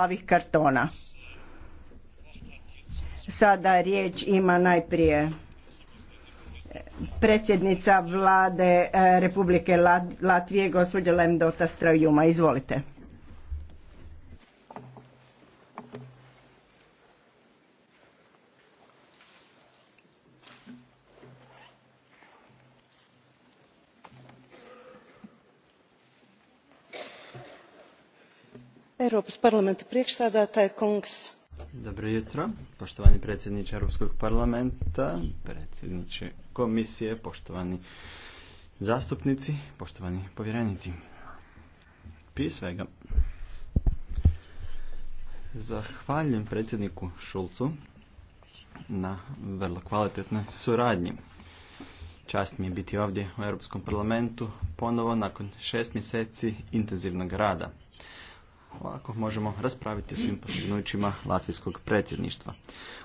plavih kartona. Sada riječ ima najprije predsjednica vlade eh, Republike Latvije, gospođa Lemdota Strajuma. Izvolite. Parlamentu parlamenta priekšsādātāja kungs. Dobro jutro, poštovani predsjedniče Europskog parlamenta, predsjedniče komisije, poštovani zastupnici, poštovani povjerenici. Prije svega, zahvaljujem predsjedniku Šulcu na vrlo kvalitetnoj suradnji. Čast mi je biti ovdje u Europskom parlamentu ponovo nakon šest mjeseci intenzivnog rada ovako možemo raspraviti svim postignućima latvijskog predsjedništva.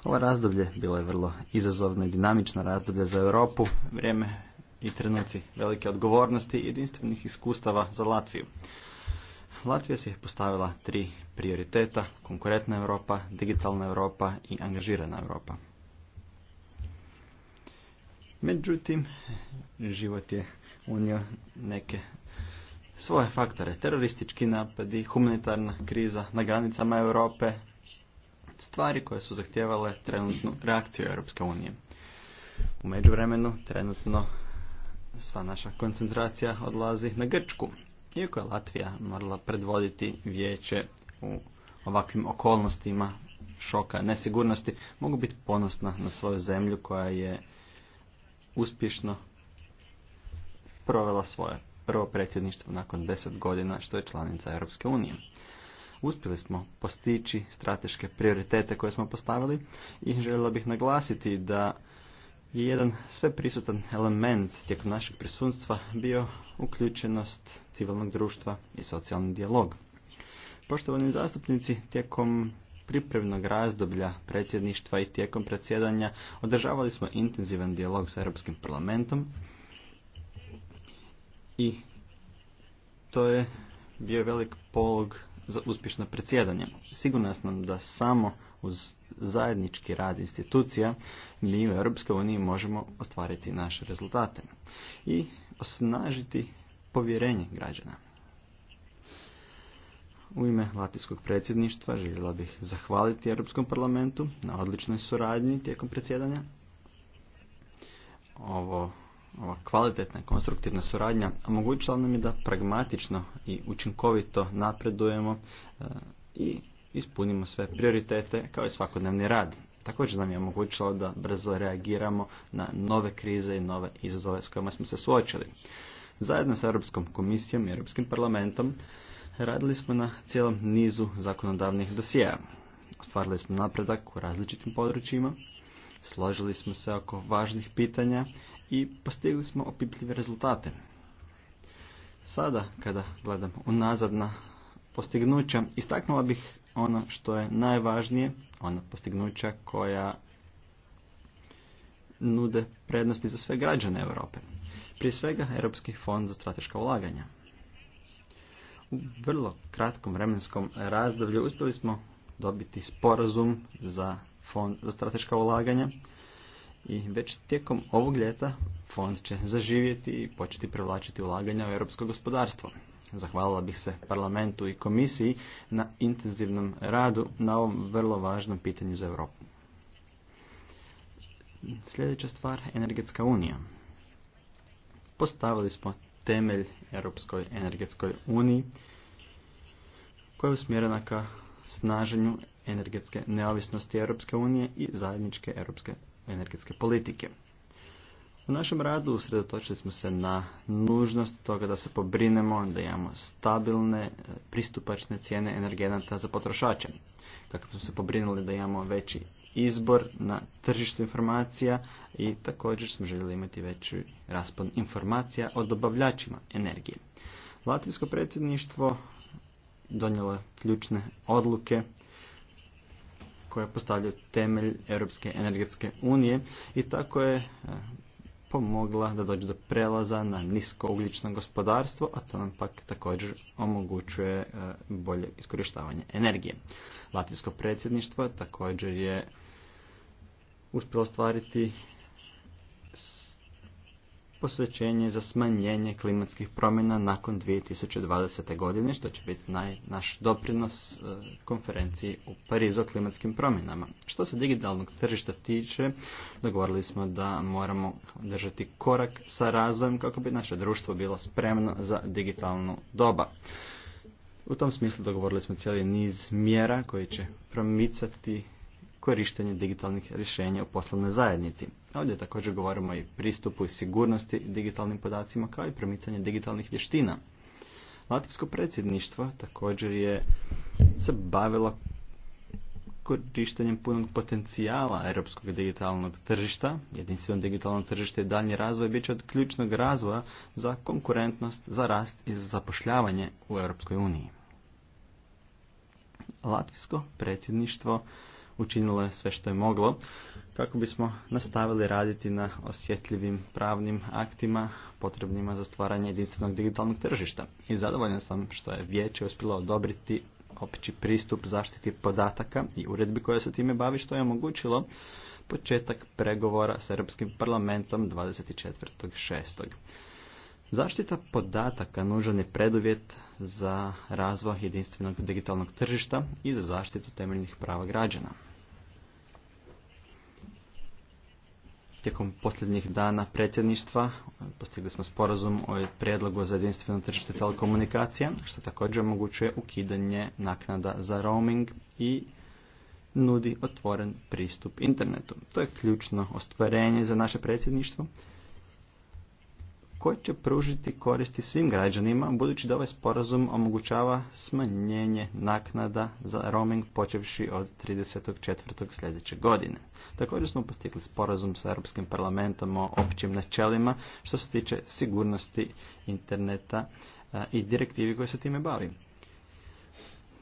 Ovo razdoblje bilo je vrlo izazovno i dinamično razdoblje za Europu, vrijeme i trenuci velike odgovornosti i jedinstvenih iskustava za Latviju. Latvija se je postavila tri prioriteta, konkurentna Europa, digitalna Europa i angažirana Europa. Međutim, život je unio neke svoje faktore. Teroristički napadi, humanitarna kriza na granicama Europe, stvari koje su zahtijevale trenutnu reakciju Europske unije. U međuvremenu trenutno sva naša koncentracija odlazi na Grčku, iako je Latvija morala predvoditi vijeće u ovakvim okolnostima šoka, nesigurnosti, mogu biti ponosna na svoju zemlju koja je uspješno provela svoje prvo predsjedništvo nakon deset godina što je članica Europske unije. Uspjeli smo postići strateške prioritete koje smo postavili i željela bih naglasiti da je jedan sveprisutan element tijekom našeg prisunstva bio uključenost civilnog društva i socijalni dijalog. Poštovani zastupnici, tijekom pripremnog razdoblja predsjedništva i tijekom predsjedanja održavali smo intenzivan dijalog sa Europskim parlamentom i to je bio velik polog za uspješno predsjedanje. Sigurno sam da samo uz zajednički rad institucija mi u EU možemo ostvariti naše rezultate i osnažiti povjerenje građana. U ime Latinskog predsjedništva željela bih zahvaliti Europskom parlamentu na odličnoj suradnji tijekom predsjedanja. Ovo ova kvalitetna konstruktivna suradnja omogućila nam je da pragmatično i učinkovito napredujemo e, i ispunimo sve prioritete kao i svakodnevni rad. Također nam je omogućilo da brzo reagiramo na nove krize i nove izazove s kojima smo se suočili. Zajedno sa Europskom komisijom i Europskim parlamentom radili smo na cijelom nizu zakonodavnih dosijeja. Ostvarili smo napredak u različitim područjima, složili smo se oko važnih pitanja i postigli smo opipljive rezultate. Sada, kada gledamo unazad na postignuća, istaknula bih ono što je najvažnije, ona postignuća koja nude prednosti za sve građane Europe. Prije svega, Europski fond za strateška ulaganja. U vrlo kratkom vremenskom razdoblju uspjeli smo dobiti sporazum za fond za strateška ulaganja, i već tijekom ovog ljeta fond će zaživjeti i početi privlačiti ulaganja u europsko gospodarstvo. Zahvalila bih se parlamentu i komisiji na intenzivnom radu na ovom vrlo važnom pitanju za Europu. Sljedeća stvar, energetska unija. Postavili smo temelj Europskoj energetskoj uniji koja je usmjerena ka snaženju energetske neovisnosti Europske unije i zajedničke europske energetske politike. U našem radu usredotočili smo se na nužnost toga da se pobrinemo da imamo stabilne, e, pristupačne cijene energenata za potrošače. Kako smo se pobrinuli da imamo veći izbor na tržištu informacija i također smo željeli imati veći raspon informacija o dobavljačima energije. Latvijsko predsjedništvo donijelo ključne odluke koje postavljaju temelj Europske energetske unije i tako je e, pomogla da dođe do prelaza na ugljično gospodarstvo, a to nam pak također omogućuje e, bolje iskorištavanje energije. Latinsko predsjedništvo također je uspjelo ostvariti posvećenje za smanjenje klimatskih promjena nakon 2020. godine, što će biti naj, naš doprinos e, konferenciji u Parizu o klimatskim promjenama. Što se digitalnog tržišta tiče, dogovorili smo da moramo držati korak sa razvojem kako bi naše društvo bilo spremno za digitalnu doba. U tom smislu dogovorili smo cijeli niz mjera koji će promicati korištenje digitalnih rješenja u poslovnoj zajednici. Ovdje također govorimo i pristupu i sigurnosti digitalnim podacima kao i promicanje digitalnih vještina. Latvijsko predsjedništvo također je se bavilo korištenjem punog potencijala europskog digitalnog tržišta. Jedinstveno digitalno tržište i daljnji razvoj bit će od ključnog razvoja za konkurentnost, za rast i za zapošljavanje u Europskoj uniji. Latvijsko predsjedništvo učinilo je sve što je moglo kako bismo nastavili raditi na osjetljivim pravnim aktima potrebnima za stvaranje jedinstvenog digitalnog tržišta. I zadovoljan sam što je vijeće uspjelo odobriti opći pristup zaštiti podataka i uredbi koja se time bavi što je omogućilo početak pregovora s Europskim parlamentom 24.6. Zaštita podataka nužan je preduvjet za razvoj jedinstvenog digitalnog tržišta i za zaštitu temeljnih prava građana. Tijekom posljednjih dana predsjedništva postigli smo sporazum o prijedlogu za jedinstveno tržište telekomunikacija, što također omogućuje ukidanje naknada za roaming i nudi otvoren pristup internetu. To je ključno ostvarenje za naše predsjedništvo koji će pružiti koristi svim građanima, budući da ovaj sporazum omogućava smanjenje naknada za roaming počevši od 34. sljedeće godine. Također smo postigli sporazum sa Europskim parlamentom o općim načelima što se tiče sigurnosti interneta e, i direktivi koje se time bavi.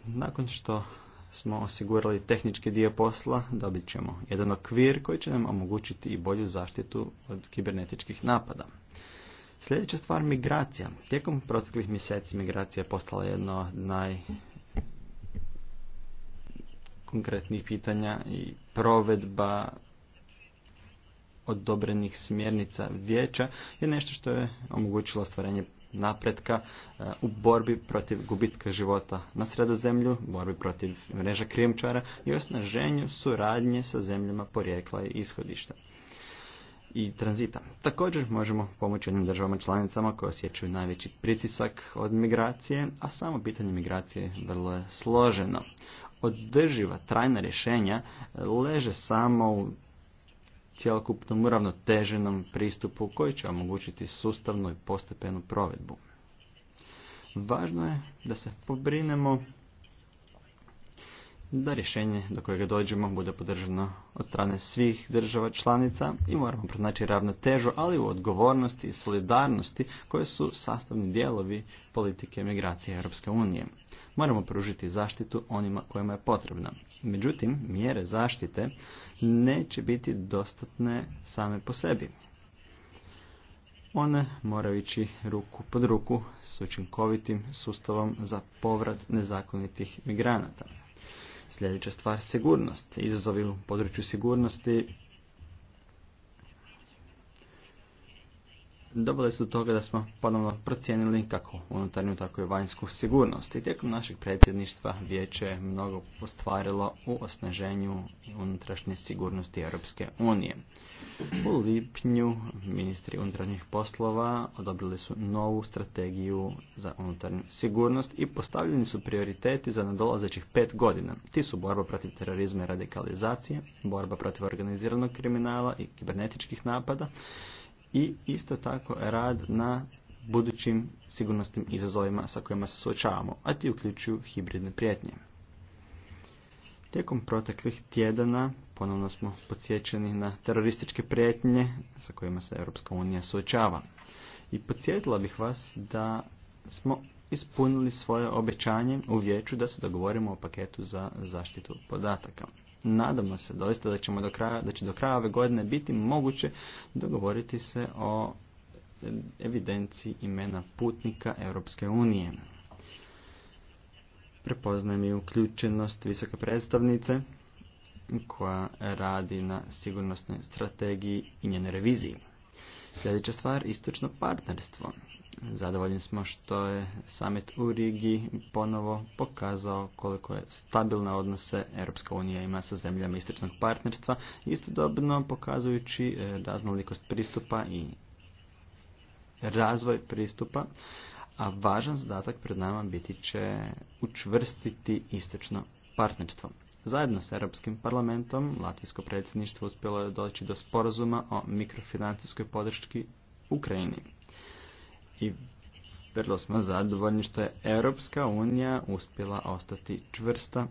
Nakon što smo osigurali tehnički dio posla, dobit ćemo jedan okvir koji će nam omogućiti i bolju zaštitu od kibernetičkih napada. Sljedeća stvar, migracija. Tijekom proteklih mjeseci migracija je postala jedno od naj konkretnih pitanja i provedba odobrenih smjernica vijeća je nešto što je omogućilo stvaranje napretka eh, u borbi protiv gubitka života na sredozemlju, borbi protiv mreža krimčara i osnaženju suradnje sa zemljama porijekla i ishodišta i tranzita. Također možemo pomoći onim državama članicama koje osjećaju najveći pritisak od migracije, a samo pitanje migracije vrlo je složeno. Održiva trajna rješenja e, leže samo u cjelokupnom uravnoteženom pristupu koji će omogućiti sustavnu i postepenu provedbu. Važno je da se pobrinemo da rješenje do kojega dođemo bude podržano od strane svih država članica i moramo pronaći ravnotežu, ali u odgovornosti i solidarnosti koje su sastavni dijelovi politike migracije Europske unije. Moramo pružiti zaštitu onima kojima je potrebna. Međutim, mjere zaštite neće biti dostatne same po sebi. One moraju ići ruku pod ruku s učinkovitim sustavom za povrat nezakonitih migranata. Sljedeća stvar, sigurnost. Izazovi u području sigurnosti dobili su toga da smo ponovno procijenili kako unutarnju, tako i vanjsku sigurnost. I tijekom našeg predsjedništva vijeće je mnogo postvarilo u osnaženju unutrašnje sigurnosti Europske unije. U lipnju ministri unutarnjih poslova odobrili su novu strategiju za unutarnju sigurnost i postavljeni su prioriteti za nadolazećih pet godina. Ti su borba protiv terorizma i radikalizacije, borba protiv organiziranog kriminala i kibernetičkih napada, i isto tako rad na budućim sigurnosnim izazovima sa kojima se suočavamo, a ti uključuju hibridne prijetnje. Tijekom proteklih tjedana ponovno smo podsjećeni na terorističke prijetnje sa kojima se Europska unija suočava. I podsjetila bih vas da smo ispunili svoje obećanje u vijeću da se dogovorimo o paketu za zaštitu podataka nadamo se doista da, ćemo do kraja, da će do kraja ove godine biti moguće dogovoriti se o evidenciji imena putnika Europske unije. Prepoznajem i uključenost visoke predstavnice koja radi na sigurnosnoj strategiji i njenoj reviziji. Sljedeća stvar, istočno partnerstvo. Zadovoljni smo što je summit u Rigi ponovo pokazao koliko je stabilna odnose Europska unija ima sa zemljama istočnog partnerstva, istodobno pokazujući e, raznolikost pristupa i razvoj pristupa, a važan zadatak pred nama biti će učvrstiti istočno partnerstvo. Zajedno s Europskim parlamentom, Latvijsko predsjedništvo uspjelo je doći do sporazuma o mikrofinancijskoj podrški Ukrajini i vrlo smo zadovoljni što je Europska unija uspjela ostati čvrsta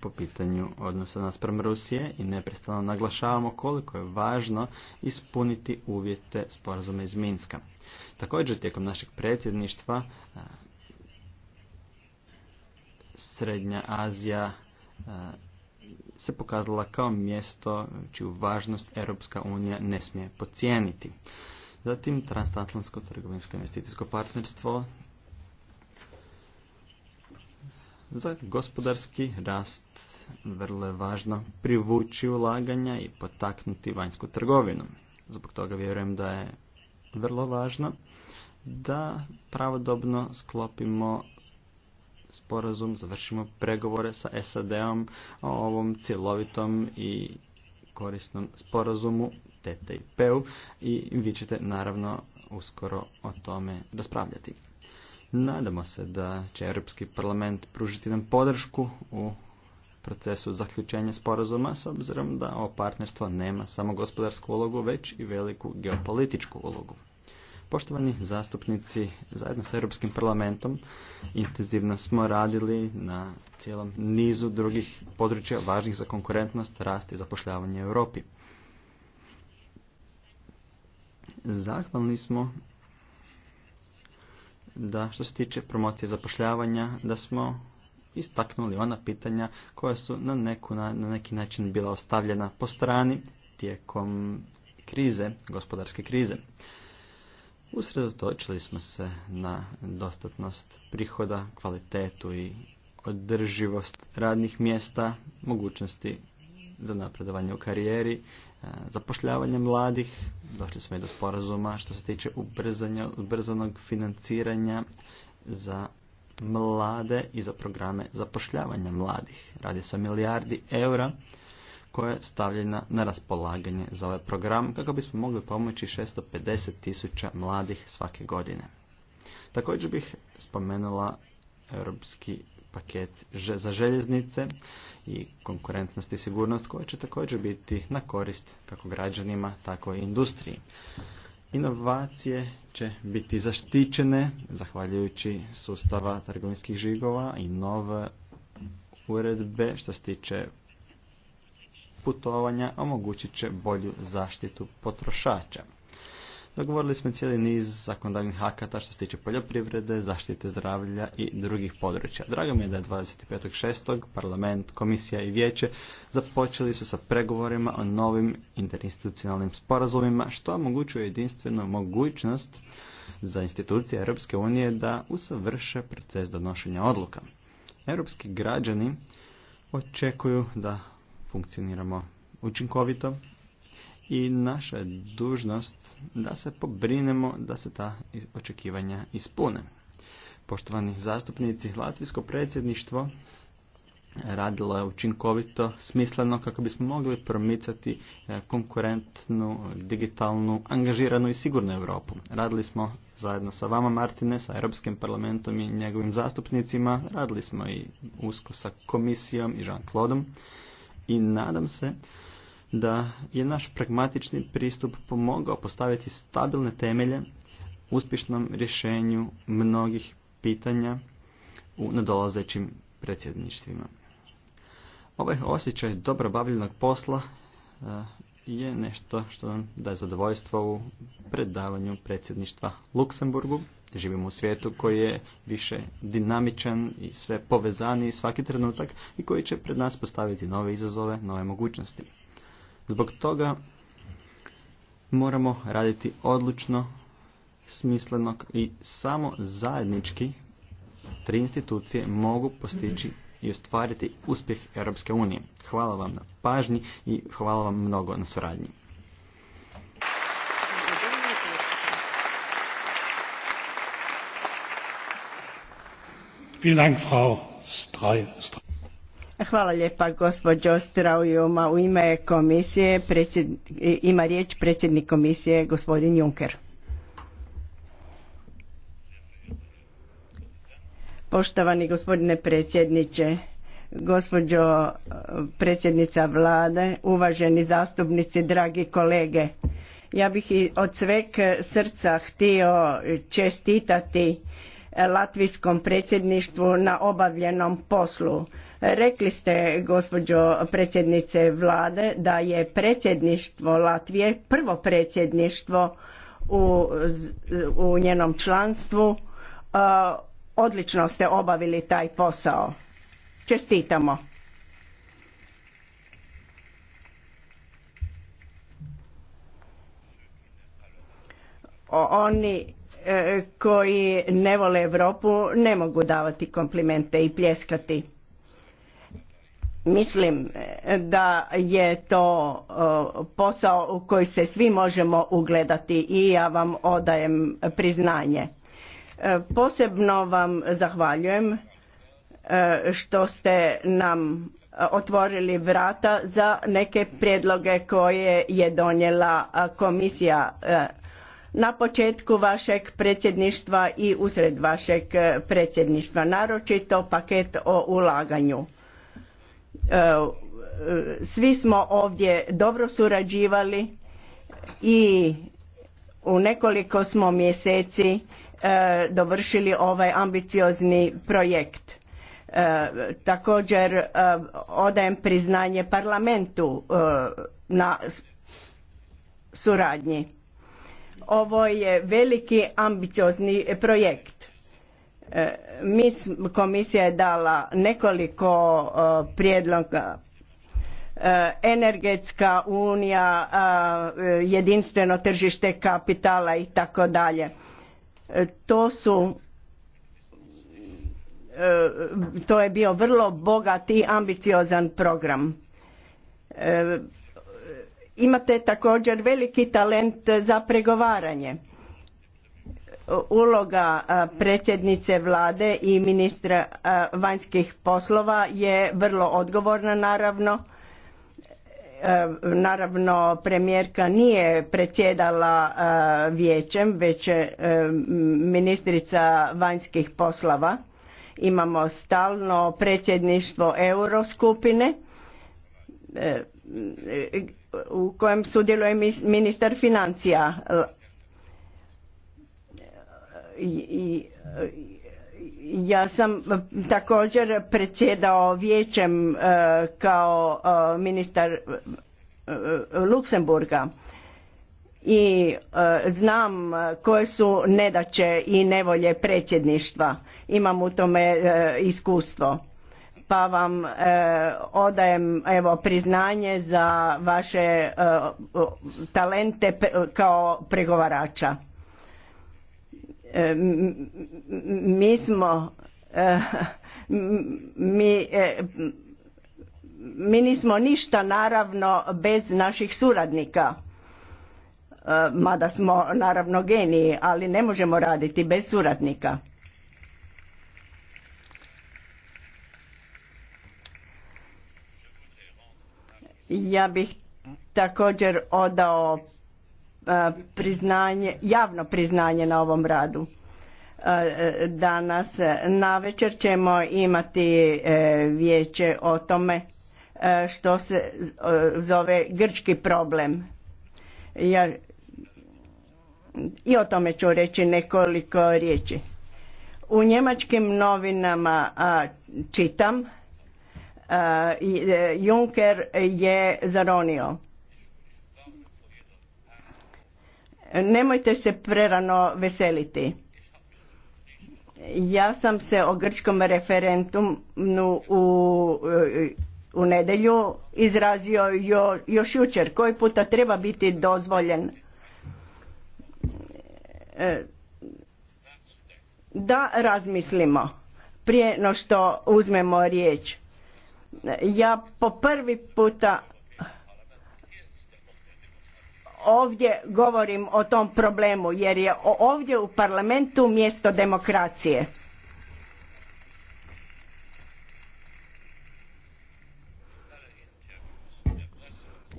po pitanju odnosa naspram Rusije i neprestano naglašavamo koliko je važno ispuniti uvjete sporazuma iz Minska. Također tijekom našeg predsjedništva Srednja Azija se pokazala kao mjesto čiju važnost Europska unija ne smije pocijeniti. Zatim transatlantsko trgovinsko investicijsko partnerstvo za gospodarski rast vrlo je važno privući ulaganja i potaknuti vanjsku trgovinu. Zbog toga vjerujem da je vrlo važno da pravodobno sklopimo sporazum, završimo pregovore sa SAD-om o ovom cjelovitom i korisnom sporazumu TTIP-u i vi ćete naravno uskoro o tome raspravljati. Nadamo se da će Europski parlament pružiti nam podršku u procesu zaključenja sporazuma s obzirom da ovo partnerstvo nema samo gospodarsku ulogu već i veliku geopolitičku ulogu. Poštovani zastupnici, zajedno s Europskim parlamentom intenzivno smo radili na cijelom nizu drugih područja važnih za konkurentnost, rast i zapošljavanje u Europi. Zahvalni smo da što se tiče promocije zapošljavanja, da smo istaknuli ona pitanja koja su na, neku, na, neki način bila ostavljena po strani tijekom krize, gospodarske krize. Usredotočili smo se na dostatnost prihoda, kvalitetu i održivost radnih mjesta, mogućnosti za napredovanje u karijeri, e, zapošljavanje mladih, došli smo i do sporazuma što se tiče ubrzanog financiranja za mlade i za programe zapošljavanja mladih. Radi se o milijardi eura koja je stavljena na raspolaganje za ovaj program kako bismo mogli pomoći 650 tisuća mladih svake godine. Također bih spomenula europski paket za željeznice i konkurentnost i sigurnost koja će također biti na korist kako građanima, tako i industriji. Inovacije će biti zaštićene zahvaljujući sustava trgovinskih žigova i nove uredbe što se tiče putovanja omogućit će bolju zaštitu potrošača. Dogovorili smo cijeli niz zakonodavnih akata što se tiče poljoprivrede, zaštite zdravlja i drugih područja. Drago mi je da je 25.6. parlament, komisija i vijeće započeli su sa pregovorima o novim interinstitucionalnim sporazumima što omogućuje jedinstvenu mogućnost za institucije Europske unije da usavrše proces donošenja odluka. Europski građani očekuju da funkcioniramo učinkovito i naša je dužnost da se pobrinemo da se ta očekivanja ispune. Poštovani zastupnici, Latvijsko predsjedništvo radilo je učinkovito, smisleno kako bismo mogli promicati e, konkurentnu, digitalnu, angažiranu i sigurnu Europu. Radili smo zajedno sa vama Martine, sa Europskim parlamentom i njegovim zastupnicima, radili smo i usko sa komisijom i Jean-Claudeom i nadam se da je naš pragmatični pristup pomogao postaviti stabilne temelje uspješnom rješenju mnogih pitanja u nadolazećim predsjedništvima. Ovaj osjećaj dobro bavljenog posla e, je nešto što nam daje zadovoljstvo u predavanju predsjedništva Luksemburgu. Živimo u svijetu koji je više dinamičan i sve povezani svaki trenutak i koji će pred nas postaviti nove izazove, nove mogućnosti. Zbog toga moramo raditi odlučno, smisleno i samo zajednički tri institucije mogu postići i ostvariti uspjeh Europske unije. Hvala vam na pažnji i hvala vam mnogo na suradnji. Vielen Dank, Frau Hvala lijepa gospođo Straujuma. U ime komisije ima riječ predsjednik komisije gospodin Juncker. Poštovani gospodine predsjedniče, gospođo eh, predsjednica vlade, uvaženi zastupnici, dragi kolege. Ja bih i od sveg srca htio čestitati latvijskom predsjedništvu na obavljenom poslu Rekli ste, gospođo predsjednice vlade, da je predsjedništvo Latvije prvo predsjedništvo u, njenom članstvu. E, odlično ste obavili taj posao. Čestitamo. Oni e, koji ne vole Europu ne mogu davati komplimente i pljeskati. Mislim e, da je to e, posao u koji se svi možemo ugledati i ja vam odajem priznanje. E, posebno vam zahvaljujem što ste nam otvorili vrata za neke prijedloge koje je donijela komisija na početku vašeg predsjedništva i usred vašeg predsjedništva, naročito paket o ulaganju E, svi smo ovdje dobro surađivali i u nekoliko smo mjeseci e, dovršili ovaj ambiciozni projekt. E, također odajem priznanje parlamentu na suradnji. Ovo je veliki ambiciozni projekt E, mi, komisija je dala nekoliko e, prijedloga e, energetska unija, jedinstveno tržište kapitala i tako dalje. To su to je bio vrlo bogat i ambiciozan program. Imate također veliki talent za pregovaranje uloga predsjednice vlade i ministra vanjskih poslova je vrlo odgovorna naravno e, naravno premijerka nije predsjedala vijećem već je ministrica vanjskih poslova imamo stalno predsjedništvo euroskupine e, e, u kojem sudjeluje ministar financija i, ja sam također predsjedao vijećem e, kao e, ministar e, Luksemburga i znam koje su nedaće i nevolje predsjedništva. Imam u tome iskustvo. Pa vam odajem evo priznanje za vaše talente kao pregovarača mi smo eh, mi eh, mi nismo ništa naravno bez naših suradnika eh, mada smo naravno geniji ali ne možemo raditi bez suradnika ja bih također odao priznanje, javno priznanje na ovom radu. Danas na večer ćemo imati e, vijeće o tome e, što se zove grčki problem. Ja i o tome ću reći nekoliko riječi. U njemačkim novinama a, čitam a, e, Juncker je zaronio Nemojte se prerano veseliti. Ja sam se o grčkom referendumu u, u nedjelju izrazio još jučer koji puta treba biti dozvoljen e, da razmislimo prije no što uzmemo riječ. Ja po prvi puta ovdje govorim o tom problemu jer je ovdje u parlamentu mjesto demokracije.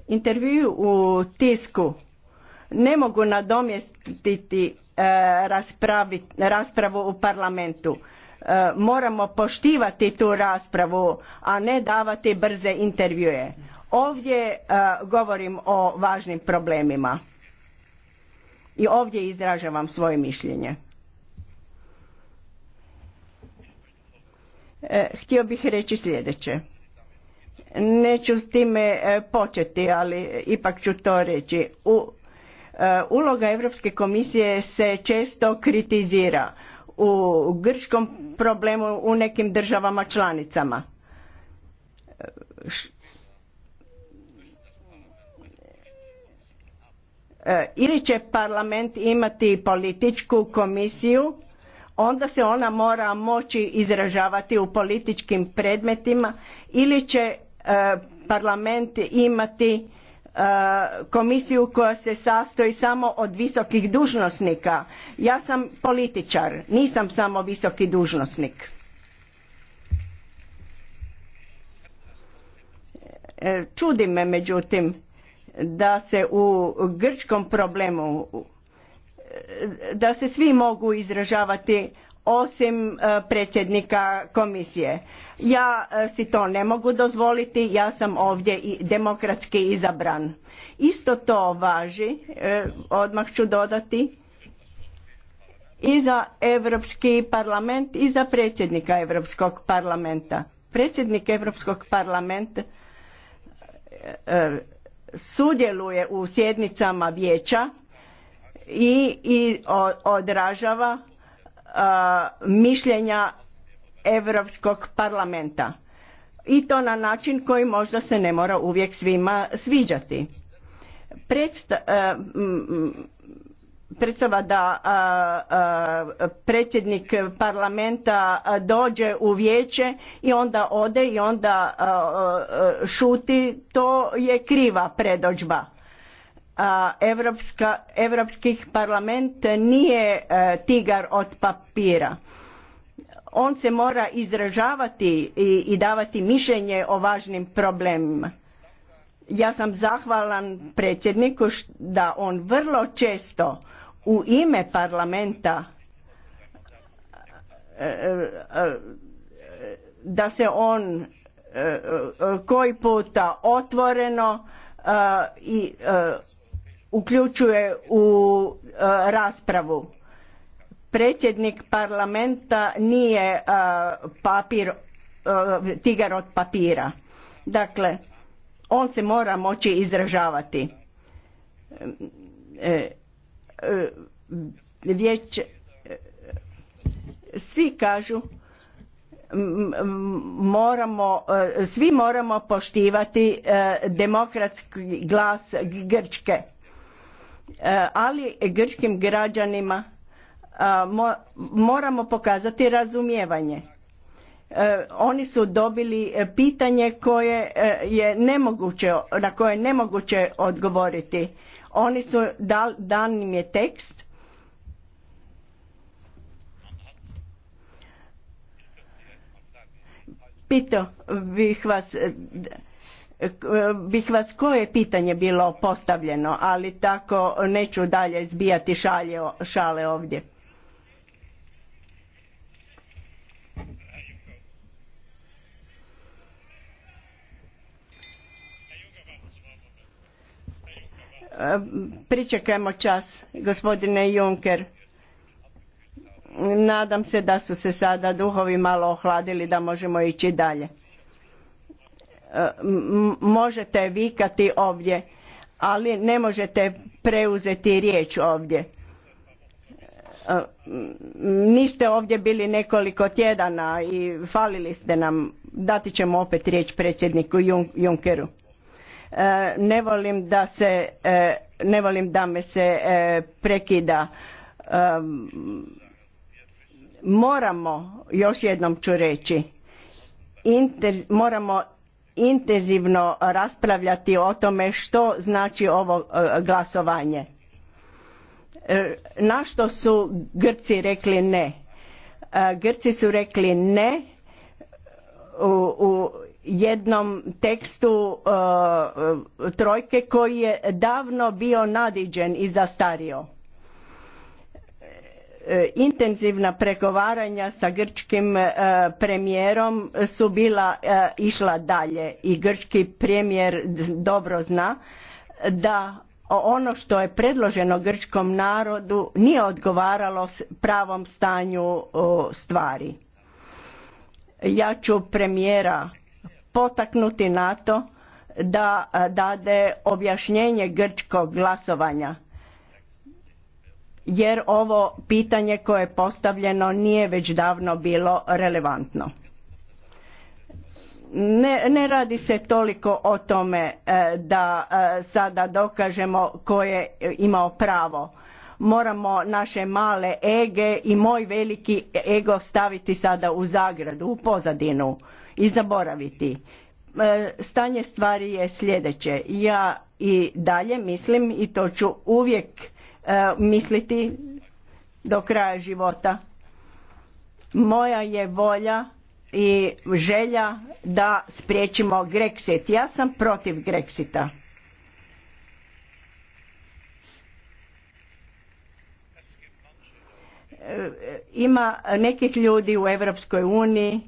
Intervju u tisku ne mogu nadomjestiti e, raspravu u parlamentu. E, moramo poštivati tu raspravu, a ne davati brze intervjue Ovdje e, govorim o važnim problemima i ovdje izražavam svoje mišljenje. E, htio bih reći sljedeće. Neću s time e, početi, ali ipak ću to reći. U, uloga Europske komisije se često kritizira u grčkom problemu u nekim državama članicama. E, ili će parlament imati političku komisiju onda se ona mora moći izražavati u političkim predmetima ili će e, parlament imati e, komisiju koja se sastoji samo od visokih dužnosnika. Ja sam političar, nisam samo visoki dužnosnik. Čudi me međutim da se u grčkom problemu da se svi mogu izražavati osim e, predsjednika komisije. Ja e, si to ne mogu dozvoliti, ja sam ovdje i demokratski izabran. Isto to važi, e, odmah ću dodati, i za Europski parlament i za predsjednika Europskog parlamenta. Predsjednik Europskog parlamenta sudjeluje u sjednicama vijeća i, i odražava mišljenja Europskog parlamenta i to na način koji možda se ne mora uvijek svima sviđati predstava da predsjednik parlamenta dođe u vijeće i onda ode i onda šuti, to je kriva predođba. Evropska, parlament nije tigar od papira. On se mora izražavati i, i davati mišljenje o važnim problemima. Ja sam zahvalan predsjedniku da on vrlo često u ime parlamenta e, e, e, da se on koji puta otvoreno i uključuje u raspravu. Predsjednik parlamenta nije papir, tigar od papira. Dakle, on se mora moći izražavati. E, vijeć e, svi kažu moramo e, svi moramo poštivati demokratski glas Grčke ali grčkim građanima moramo pokazati razumijevanje oni su dobili pitanje koje je nemoguće na koje je nemoguće odgovoriti oni su, dan im je tekst. Pito bih vas, eh, bih vas koje pitanje bilo postavljeno, ali tako neću dalje izbijati šale ovdje. pričekajmo čas, gospodine Juncker. Nadam se da su se sada duhovi malo ohladili da možemo ići dalje. E, možete vikati ovdje, ali ne možete preuzeti riječ ovdje. E, niste ovdje bili nekoliko tjedana i falili ste nam. Dati ćemo opet riječ predsjedniku Junkeru. Eh, ne volim da se eh, ne volim da me se eh, prekida moramo još jednom ću reći moramo intenzivno raspravljati o tome što znači ovo glasovanje na što su Grci rekli ne Grci su rekli ne u, u jednom tekstu uh, uh, trojke koji je davno bio nadiđen i zastario. E, intenzivna pregovaranja sa grčkim e, premijerom su bila e, išla dalje i grčki premijer dobro zna da ono što je predloženo grčkom narodu nije odgovaralo pravom stanju stvari. Ja ću premijera potaknuti na to da eh, dade objašnjenje grčkog glasovanja jer ovo pitanje koje je postavljeno nije već davno bilo relevantno. Ne, ne radi se toliko o tome eh, da eh, sada dokažemo ko je imao pravo. Moramo naše male ege i moj veliki ego staviti sada u zagradu, u pozadinu i zaboraviti. E, stanje stvari je sljedeće. Ja i dalje mislim i to ću uvijek e, misliti do kraja života. Moja je volja i želja da spriječimo Grexit. Ja sam protiv Grexita. E, ima nekih ljudi u Europskoj uniji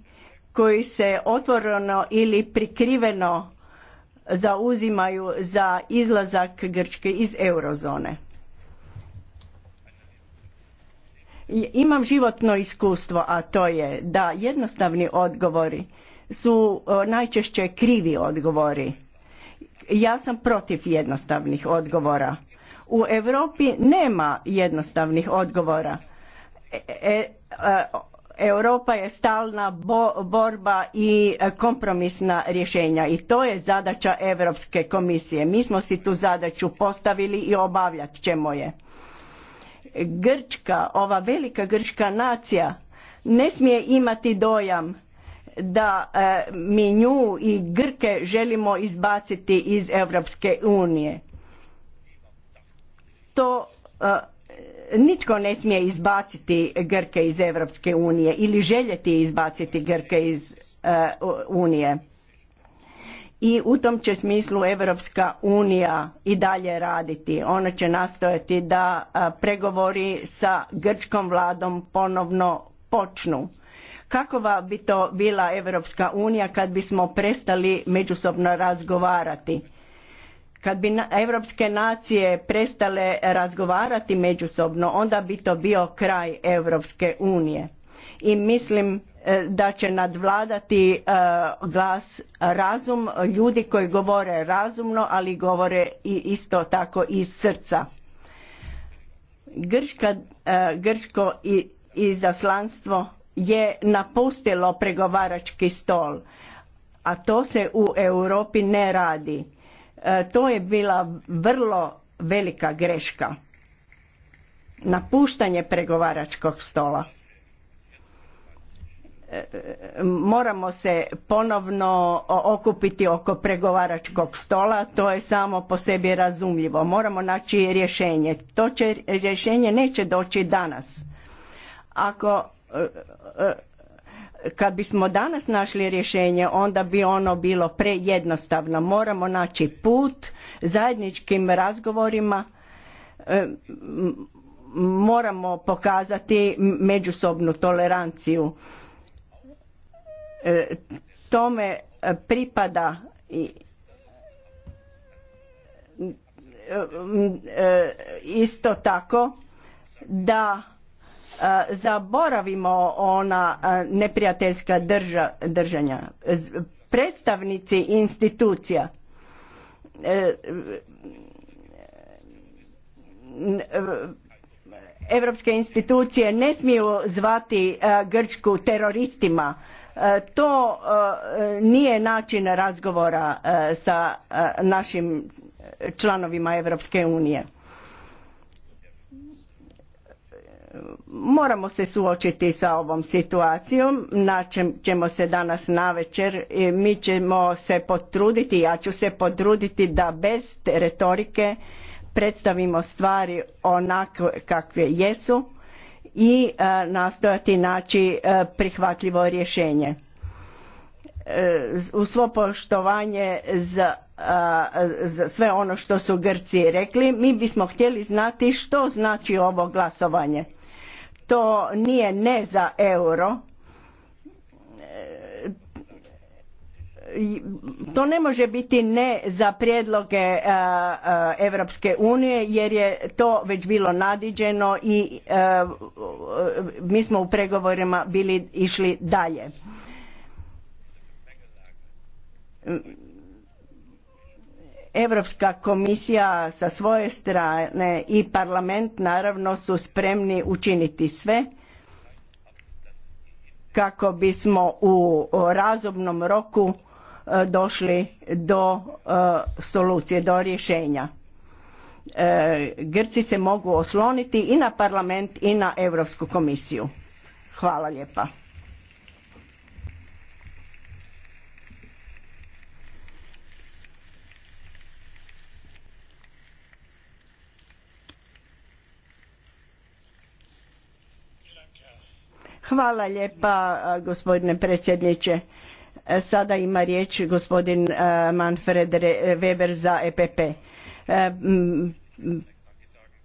koji se otvoreno ili prikriveno zauzimaju za izlazak Grčke iz eurozone. Imam životno iskustvo, a to je da jednostavni odgovori su e, najčešće krivi odgovori. Ja sam protiv jednostavnih odgovora. U Europi nema jednostavnih odgovora. E, e, e Europa je stalna borba i kompromisna rješenja i to je zadaća Europske komisije. Mi smo si tu zadaću postavili i obavljat ćemo je. Grčka, ova velika grčka nacija ne smije imati dojam da e, mi nju i Grke želimo izbaciti iz Europske unije. To e, nitko ne smije izbaciti Grke iz Europske unije ili željeti izbaciti Grke iz eh, unije. I u tom će smislu Europska unija i dalje raditi. Ona će nastojati da eh, pregovori sa grčkom vladom ponovno počnu. Kakova bi to bila Europska unija kad bismo prestali međusobno razgovarati? Kad bi europske nacije prestale razgovarati međusobno, onda bi to bio kraj Europske unije. I mislim e, da će nadvladati e, glas razum ljudi koji govore razumno, ali govore i isto tako iz srca. Grška, e, grško i izaslanstvo je napustilo pregovarački stol, a to se u Europi ne radi E, to je bila vrlo velika greška. Napuštanje pregovaračkog stola. E, e, moramo se ponovno okupiti oko pregovaračkog stola, to je samo po sebi razumljivo. Moramo naći rješenje. To rješenje neće doći danas. Ako kad bismo danas našli rješenje onda bi ono bilo prejednostavno moramo naći put zajedničkim razgovorima e, moramo pokazati međusobnu toleranciju e, tome pripada i e, isto tako da E, zaboravimo ona e, neprijateljska držanja. Predstavnici institucija Europske e, institucije ne smiju zvati Grčku teroristima. To nije način razgovora sa našim članovima Evropske unije. moramo se suočiti sa ovom situacijom na čem ćemo se danas navečer i e, mi ćemo se potruditi ja ću se potruditi da bez retorike predstavimo stvari onakve kakve jesu i e, nastojati naći e, prihvatljivo rješenje u svo poštovanje za sve ono što su Grci rekli mi bismo htjeli znati što znači ovo glasovanje to nije ne za euro to ne može biti ne za prijedloge Europske e, unije jer je to već bilo nadiđeno i e, mi smo u pregovorima bili išli dalje Europska komisija sa svoje strane i parlament naravno su spremni učiniti sve kako bismo u razumnom roku e, došli do e, solucije, do rješenja. E, Grci se mogu osloniti i na parlament i na Europsku komisiju. Hvala lijepa. Hvala lijepa gospodine predsjedniče. E, sada ima riječ gospodin e, Manfred Weber za EPP. E,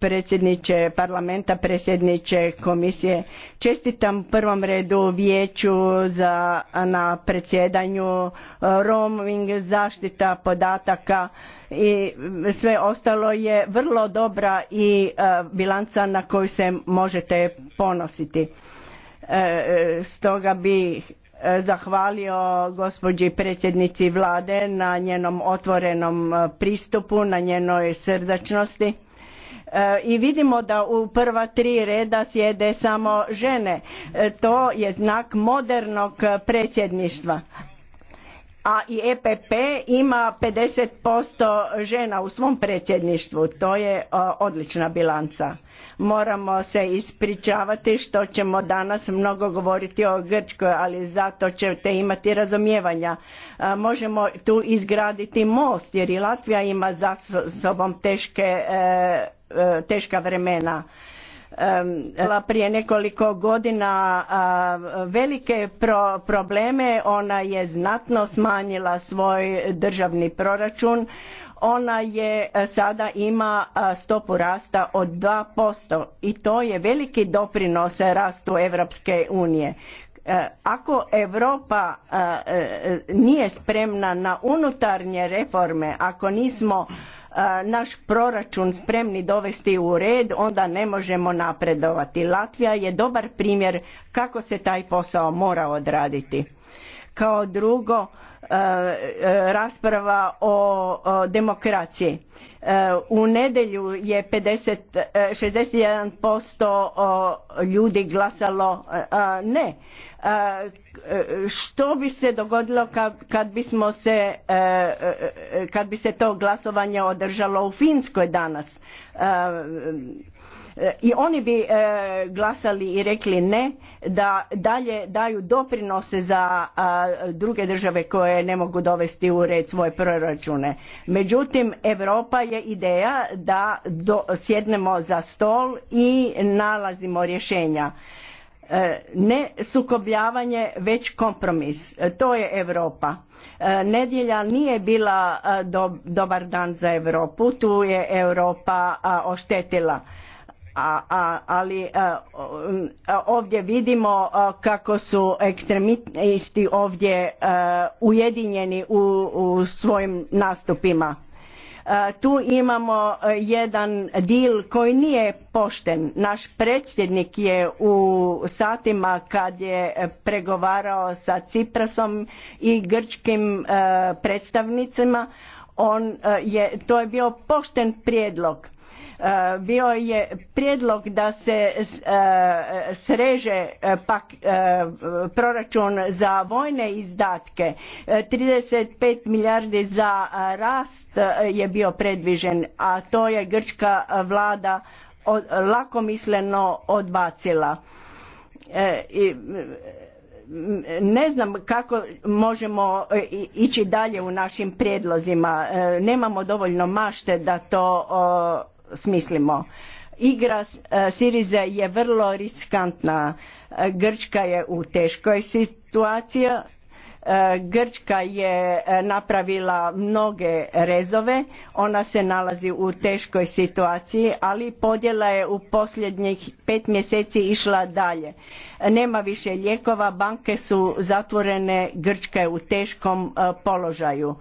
predsjedniče parlamenta, predsjedniče komisije, čestitam prvom redu vijeću za, na predsjedanju roaming, zaštita podataka i sve ostalo je vrlo dobra i bilanca na koju se možete ponositi. E, e, stoga bi e, zahvalio gospođi predsjednici vlade na njenom otvorenom pristupu, na njenoj srdačnosti. I vidimo da u prva tri reda sjede samo žene. To je znak modernog predsjedništva. A i EPP ima 50% žena u svom predsjedništvu. To je odlična bilanca Moramo se ispričavati što ćemo danas mnogo govoriti o Grčkoj, ali zato ćete imati razumijevanja. Možemo tu izgraditi most jer i Latvija ima za sobom teške, e, e, teška vremena prije nekoliko godina velike probleme ona je znatno smanjila svoj državni proračun ona je e, sada ima e, stopu rasta od 2% i to je veliki doprinos rastu Europske unije. E, ako Europa nije spremna na unutarnje reforme, ako nismo naš proračun spremni dovesti u red, onda ne možemo napredovati. Latvija je dobar primjer kako se taj posao mora odraditi. Kao drugo, E, e, rasprava o demokraciji. E, u nedjelju je 61% ljudi glasalo ne. Što bi se dogodilo kad, kad bismo se, kad bi se to glasovanje održalo u Finskoj danas? i oni bi e, glasali i rekli ne da dalje daju doprinose za druge države koje ne mogu dovesti u red svoje proračune. Međutim, Europa je ideja da sjednemo za stol i nalazimo rješenja. E, ne sukobljavanje, već kompromis. E, to je Europa. Nedjelja nije bila dobar dan za Europu, tu je Europa oštetila ali e, e, ovdje vidimo e, kako su ekstremisti ovdje ujedinjeni u, svojim nastupima. Tu imamo jedan dil koji nije pošten. Naš predsjednik je u satima kad je pregovarao sa Ciprasom i grčkim predstavnicima, on je, to je bio pošten prijedlog E, bio je prijedlog da se e, sreže e, pak proračun za vojne izdatke 35 milijardi za rast je bio predviđen a to je grčka vlada lakomisleno odbacila ne znam kako možemo ići dalje u našim prijedlozima nemamo dovoljno mašte da to smislimo. Igra eh, Sirize je vrlo riskantna. Eh, Grčka je u teškoj situaciji. Eh, Grčka je napravila mnoge rezove, ona se nalazi u teškoj situaciji, ali podjela je u posljednjih pet mjeseci išla dalje. Nema više lijekova, banke su zatvorene, Grčka je u teškom položaju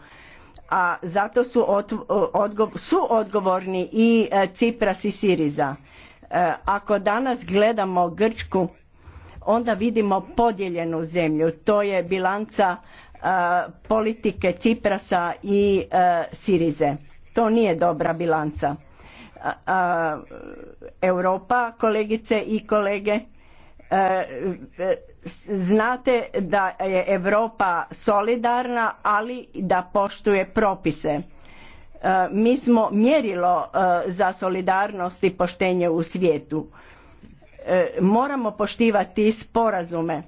a zato su, su odgovorni i e, Cipras i Siriza. E, ako danas gledamo Grčku, onda vidimo podijeljenu zemlju. To je bilanca e, politike Ciprasa i Sirize. To nije dobra bilanca. Europa, kolegice i kolege, E, znate da je Europa solidarna, ali da poštuje propise. E, mi smo mjerilo e, za solidarnost i poštenje u svijetu. Moramo poštivati sporazume,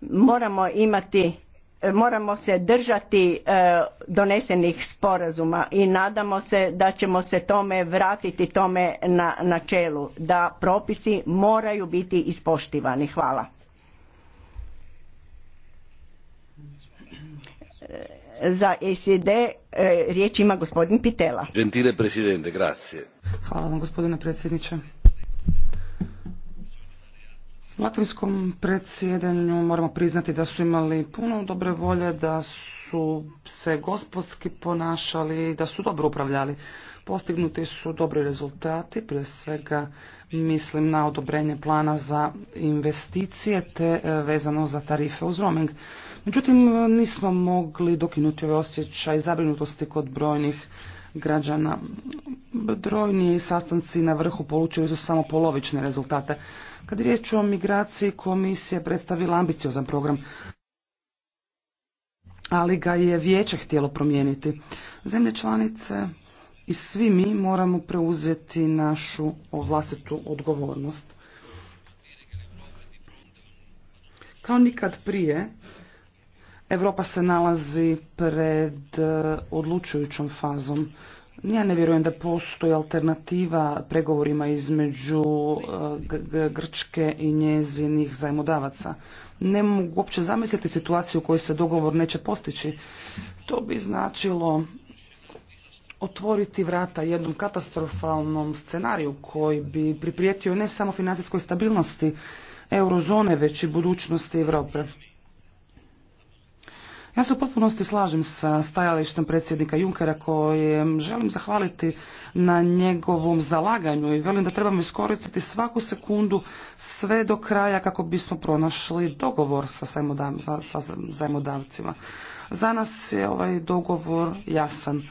moramo imati E, moramo se držati e, donesenih sporazuma i nadamo se da ćemo se tome vratiti tome na načelu da propisi moraju biti ispoštivani. Hvala. E, za SED riječ ima gospodin Pitela. Gentile presidente, grazie. Hvala vam gospodine predsjedniče. Latinskom predsjedanju moramo priznati da su imali puno dobre volje, da su se gospodski ponašali, da su dobro upravljali. Postignuti su dobri rezultati, prije svega mislim na odobrenje plana za investicije te e, vezano za tarife uz roaming. Međutim, nismo mogli dokinuti ovaj osjećaj zabrinutosti kod brojnih građana. Brojni sastanci na vrhu polučili su samo polovične rezultate. Kad je riječ o migraciji, komisija predstavila ambiciozan program, ali ga je vijeće htjelo promijeniti. Zemlje članice i svi mi moramo preuzeti našu vlastitu odgovornost. Kao nikad prije, Europa se nalazi pred e, odlučujućom fazom. Ja ne vjerujem da postoji alternativa pregovorima između e, Grčke i njezinih zajmodavaca. Ne mogu uopće zamisliti situaciju u kojoj se dogovor neće postići. To bi značilo otvoriti vrata jednom katastrofalnom scenariju koji bi priprijetio ne samo financijskoj stabilnosti eurozone, već i budućnosti Europe. Ja se u potpunosti slažem sa stajalištem predsjednika Junkera kojem želim zahvaliti na njegovom zalaganju i velim da trebamo iskoristiti svaku sekundu sve do kraja kako bismo pronašli dogovor sa, sa, zajmodavcima. Za nas je ovaj dogovor jasan.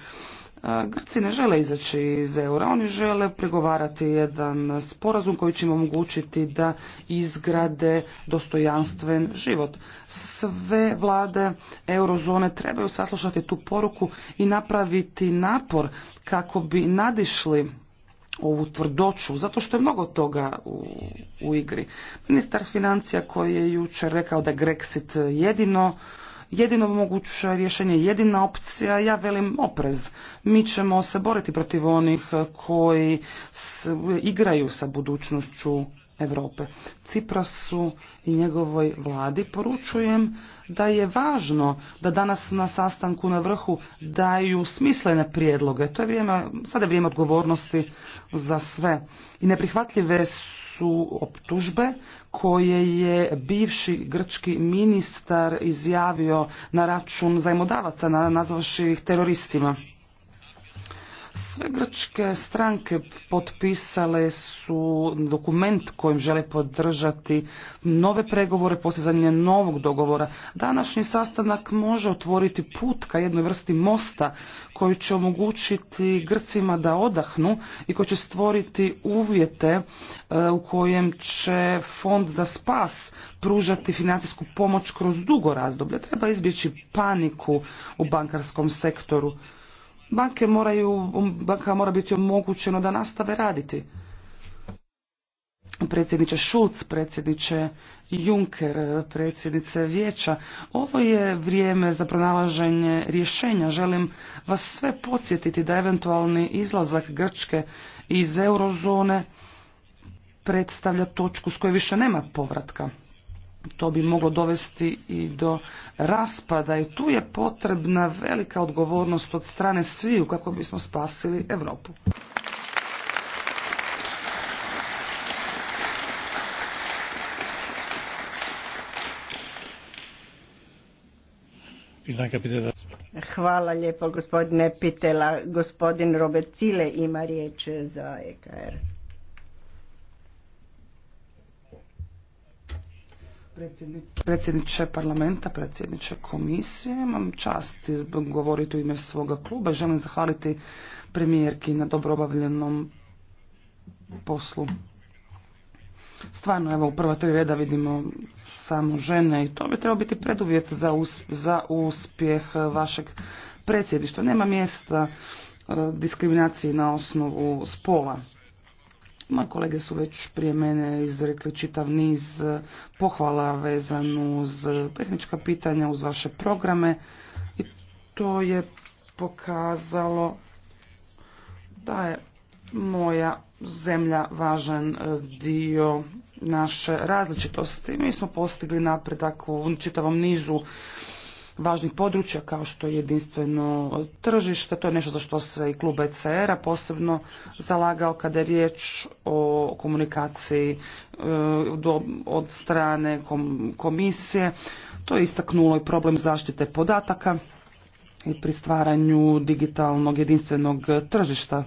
Grci ne žele izaći iz eura, oni žele pregovarati jedan sporazum koji će im omogućiti da izgrade dostojanstven život. Sve vlade eurozone trebaju saslušati tu poruku i napraviti napor kako bi nadišli ovu tvrdoću, zato što je mnogo toga u, igri. Ministar financija koji je jučer rekao da je Grexit jedino jedino moguće rješenje, jedina opcija, ja velim oprez. Mi ćemo se boriti protiv onih koji igraju sa budućnošću Europe. Ciprasu i njegovoj vladi poručujem da je važno da danas na sastanku na vrhu daju smislene prijedloge. To je vrijeme, sada je vrijeme odgovornosti za sve. I neprihvatljive su su optužbe koje je bivši grčki ministar izjavio na račun zajmodavaca nazvavši ih teroristima. Sve grčke stranke potpisale su dokument kojim žele podržati nove pregovore, postizanje novog dogovora. Današnji sastanak može otvoriti put ka jednoj vrsti mosta koji će omogućiti Grcima da odahnu i koji će stvoriti uvjete e, u kojem će fond za spas pružati financijsku pomoć kroz dugo razdoblje. Treba izbjeći paniku u bankarskom sektoru banke moraju, banka mora biti omogućeno da nastave raditi. Predsjedniče Šulc, predsjedniče Juncker, predsjednice Vijeća. Ovo je vrijeme za pronalaženje rješenja. Želim vas sve podsjetiti da eventualni izlazak Grčke iz eurozone predstavlja točku s koje više nema povratka to bi moglo dovesti i do raspada i tu je potrebna velika odgovornost od strane sviju kako bismo spasili Europu. Hvala lijepo gospodine Pitela. Gospodin Robert Cile ima riječ za EKR. predsjedniče parlamenta, predsjedniče komisije. Imam čast govoriti u ime svoga kluba. Želim zahvaliti premijerki na dobro obavljenom poslu. Stvarno, evo, u prva tri reda vidimo samo žene i to bi trebao biti preduvjet za, uspjeh, za uspjeh vašeg predsjedništva. Nema mjesta e, diskriminaciji na osnovu spola. Moje kolege su već prije mene izrekli čitav niz e, pohvala vezan uz tehnička pitanja, uz vaše programe i to je pokazalo da je moja zemlja važan e, dio naše različitosti. Mi smo postigli napredak u čitavom nizu važnih područja kao što je jedinstveno tržište. To je nešto za što se i klub ECR-a posebno zalagao kada je riječ o komunikaciji e, od strane komisije. To je istaknulo i problem zaštite podataka i pri stvaranju digitalnog jedinstvenog tržišta.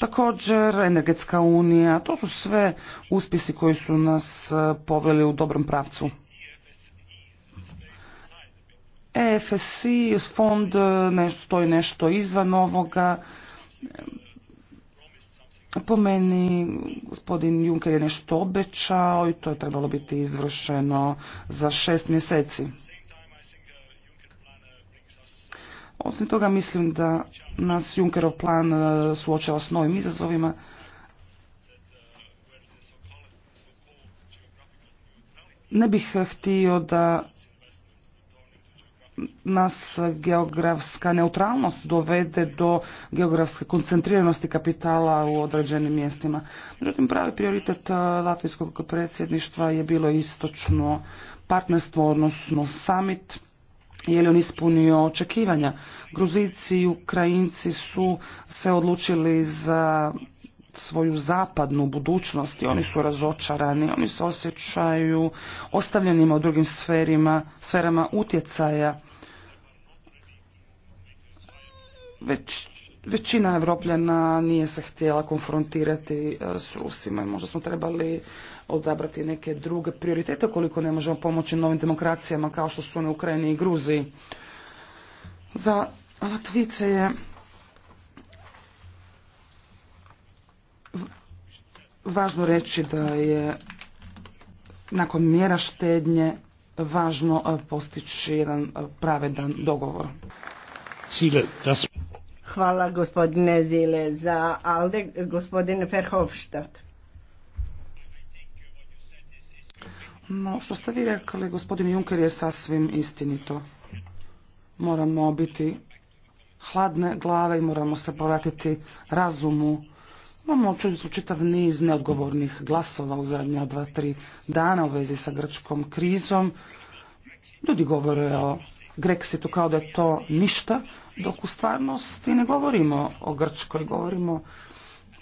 Također, energetska unija, to su sve uspisi koji su nas poveli u dobrom pravcu. EFSC fond e, nešto, stoji nešto izvan ovoga. Po meni, gospodin Juncker je nešto obećao i to je trebalo biti izvršeno za šest mjeseci. Osim toga mislim da nas Junckerov plan e, suočava s novim izazovima. Ne bih htio da nas geografska neutralnost dovede do geografske koncentriranosti kapitala u određenim mjestima. Međutim, pravi prioritet e, latvijskog predsjedništva je bilo istočno partnerstvo, odnosno summit, je on ispunio očekivanja. Gruzici i Ukrajinci su se odlučili za svoju zapadnu budućnost i oni su razočarani, oni se osjećaju ostavljenima u drugim sferima, sferama utjecaja. većina Evropljana nije se htjela konfrontirati e, s Rusima i možda smo trebali odabrati neke druge prioritete koliko ne možemo pomoći novim demokracijama kao što su one Ukrajini i Gruziji. Za Latvice je važno reći da je nakon mjera štednje važno eh, postići jedan eh, pravedan dogovor. Hvala gospodine Zile za Alde, gospodine Verhofstadt. No, što ste vi rekli, gospodin Juncker je sasvim istinito. Moramo biti hladne glave i moramo se povratiti razumu Imamo čitav niz neodgovornih glasova u zadnja dva, tri dana u vezi sa grčkom krizom. Ljudi govore o Grexitu kao da je to ništa, dok u stvarnosti ne govorimo o Grčkoj, govorimo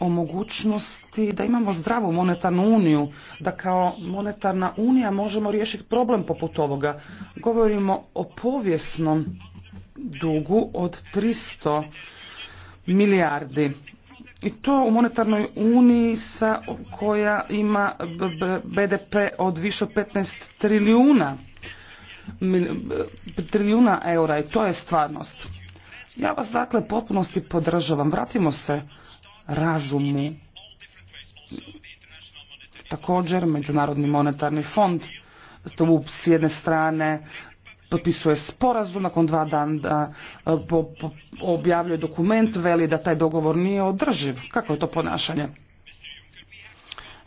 o mogućnosti da imamo zdravu monetarnu uniju, da kao monetarna unija možemo riješiti problem poput ovoga. Govorimo o povijesnom dugu od 300 milijardi i to u monetarnoj uniji sa, koja ima BDP od više od 15 trilijuna trilijuna eura i to je stvarnost. Ja vas dakle potpunosti podržavam. Vratimo se razumu. Također, Međunarodni monetarni fond, s jedne strane potpisuje sporazum, nakon dva dana e, objavljuje dokument, veli da taj dogovor nije održiv. Kako je to ponašanje?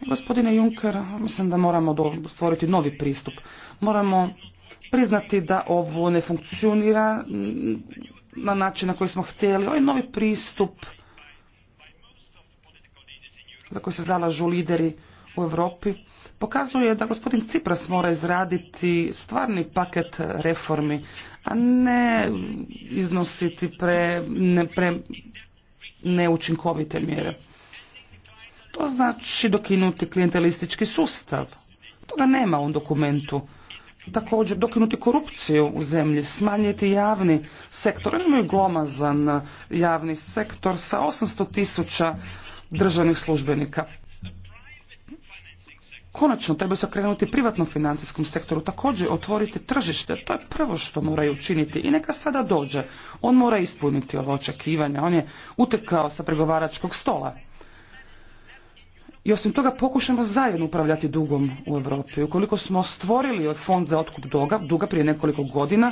Gospodine Juncker, mislim da moramo stvoriti novi pristup. Moramo priznati da ovo ne funkcionira na način na koji smo htjeli. je ovaj novi pristup za koji se zalažu lideri u Europi pokazuje da gospodin Cipras mora izraditi stvarni paket reformi, a ne iznositi pre, ne, pre neučinkovite mjere. To znači dokinuti klijentelistički sustav. Toga nema u dokumentu. Također dokinuti korupciju u zemlji, smanjiti javni sektor. on imaju glomazan javni sektor sa 800 tisuća državnih službenika. Konačno, treba se okrenuti privatnom financijskom sektoru, također otvoriti tržište, to je prvo što moraju učiniti i neka sada dođe. On mora ispuniti ovo očekivanja, on je utekao sa pregovaračkog stola. I osim toga pokušamo zajedno upravljati dugom u Europi. Ukoliko smo stvorili fond za otkup duga, duga prije nekoliko godina,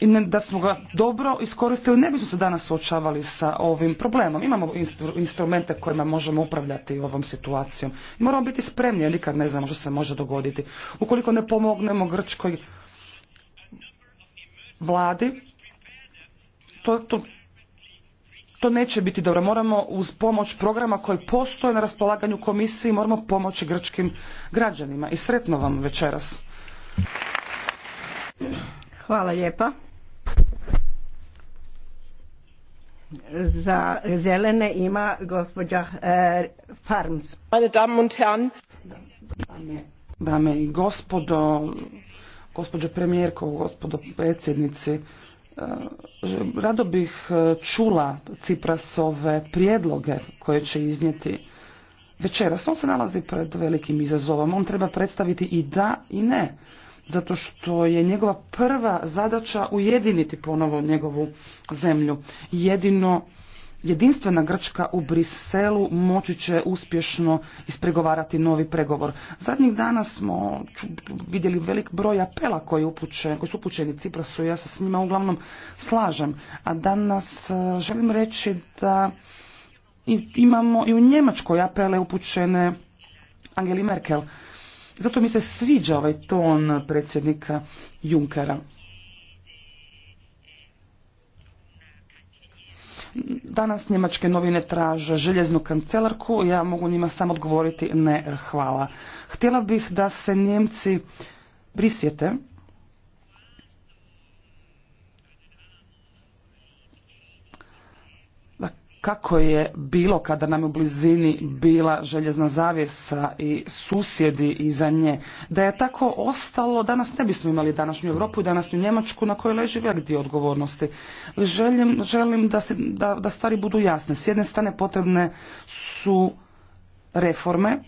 i da smo ga dobro iskoristili ne bismo se danas suočavali sa ovim problemom. Imamo instrumente kojima možemo upravljati ovom situacijom. Moramo biti spremni jer nikad ne znamo što se može dogoditi. Ukoliko ne pomognemo Grčkoj vladi, to, to, to neće biti dobro. Moramo uz pomoć programa koji postoje na raspolaganju komisiji, moramo pomoći grčkim građanima. I sretno vam večeras. Hvala lijepa. za zelene ima gospođa eh, Dame i gospodo, gospođo premijerko, gospodo predsjednici, eh, rado bih eh, čula Ciprasove prijedloge koje će iznijeti večeras. On se nalazi pred velikim izazovom. On treba predstaviti i da i ne zato što je njegova prva zadaća ujediniti ponovo njegovu zemlju. Jedino jedinstvena Grčka u Briselu moći će uspješno ispregovarati novi pregovor. Zadnjih dana smo vidjeli velik broj apela koji, koji su upućeni Ciprasu ja se s njima uglavnom slažem. A danas e, želim reći da imamo i u Njemačkoj apele upućene Angeli Merkel. Zato mi se sviđa ovaj ton predsjednika Junkera. Danas njemačke novine traže željeznu kancelarku, ja mogu njima samo odgovoriti ne hvala. Htjela bih da se Njemci prisjete kako je bilo kada nam je u blizini bila željezna zavjesa i susjedi iza nje. Da je tako ostalo, danas ne bismo imali današnju Europu i današnju Njemačku na kojoj leži velik dio odgovornosti. Želim, želim da, se, da, da stvari budu jasne. S jedne strane potrebne su reforme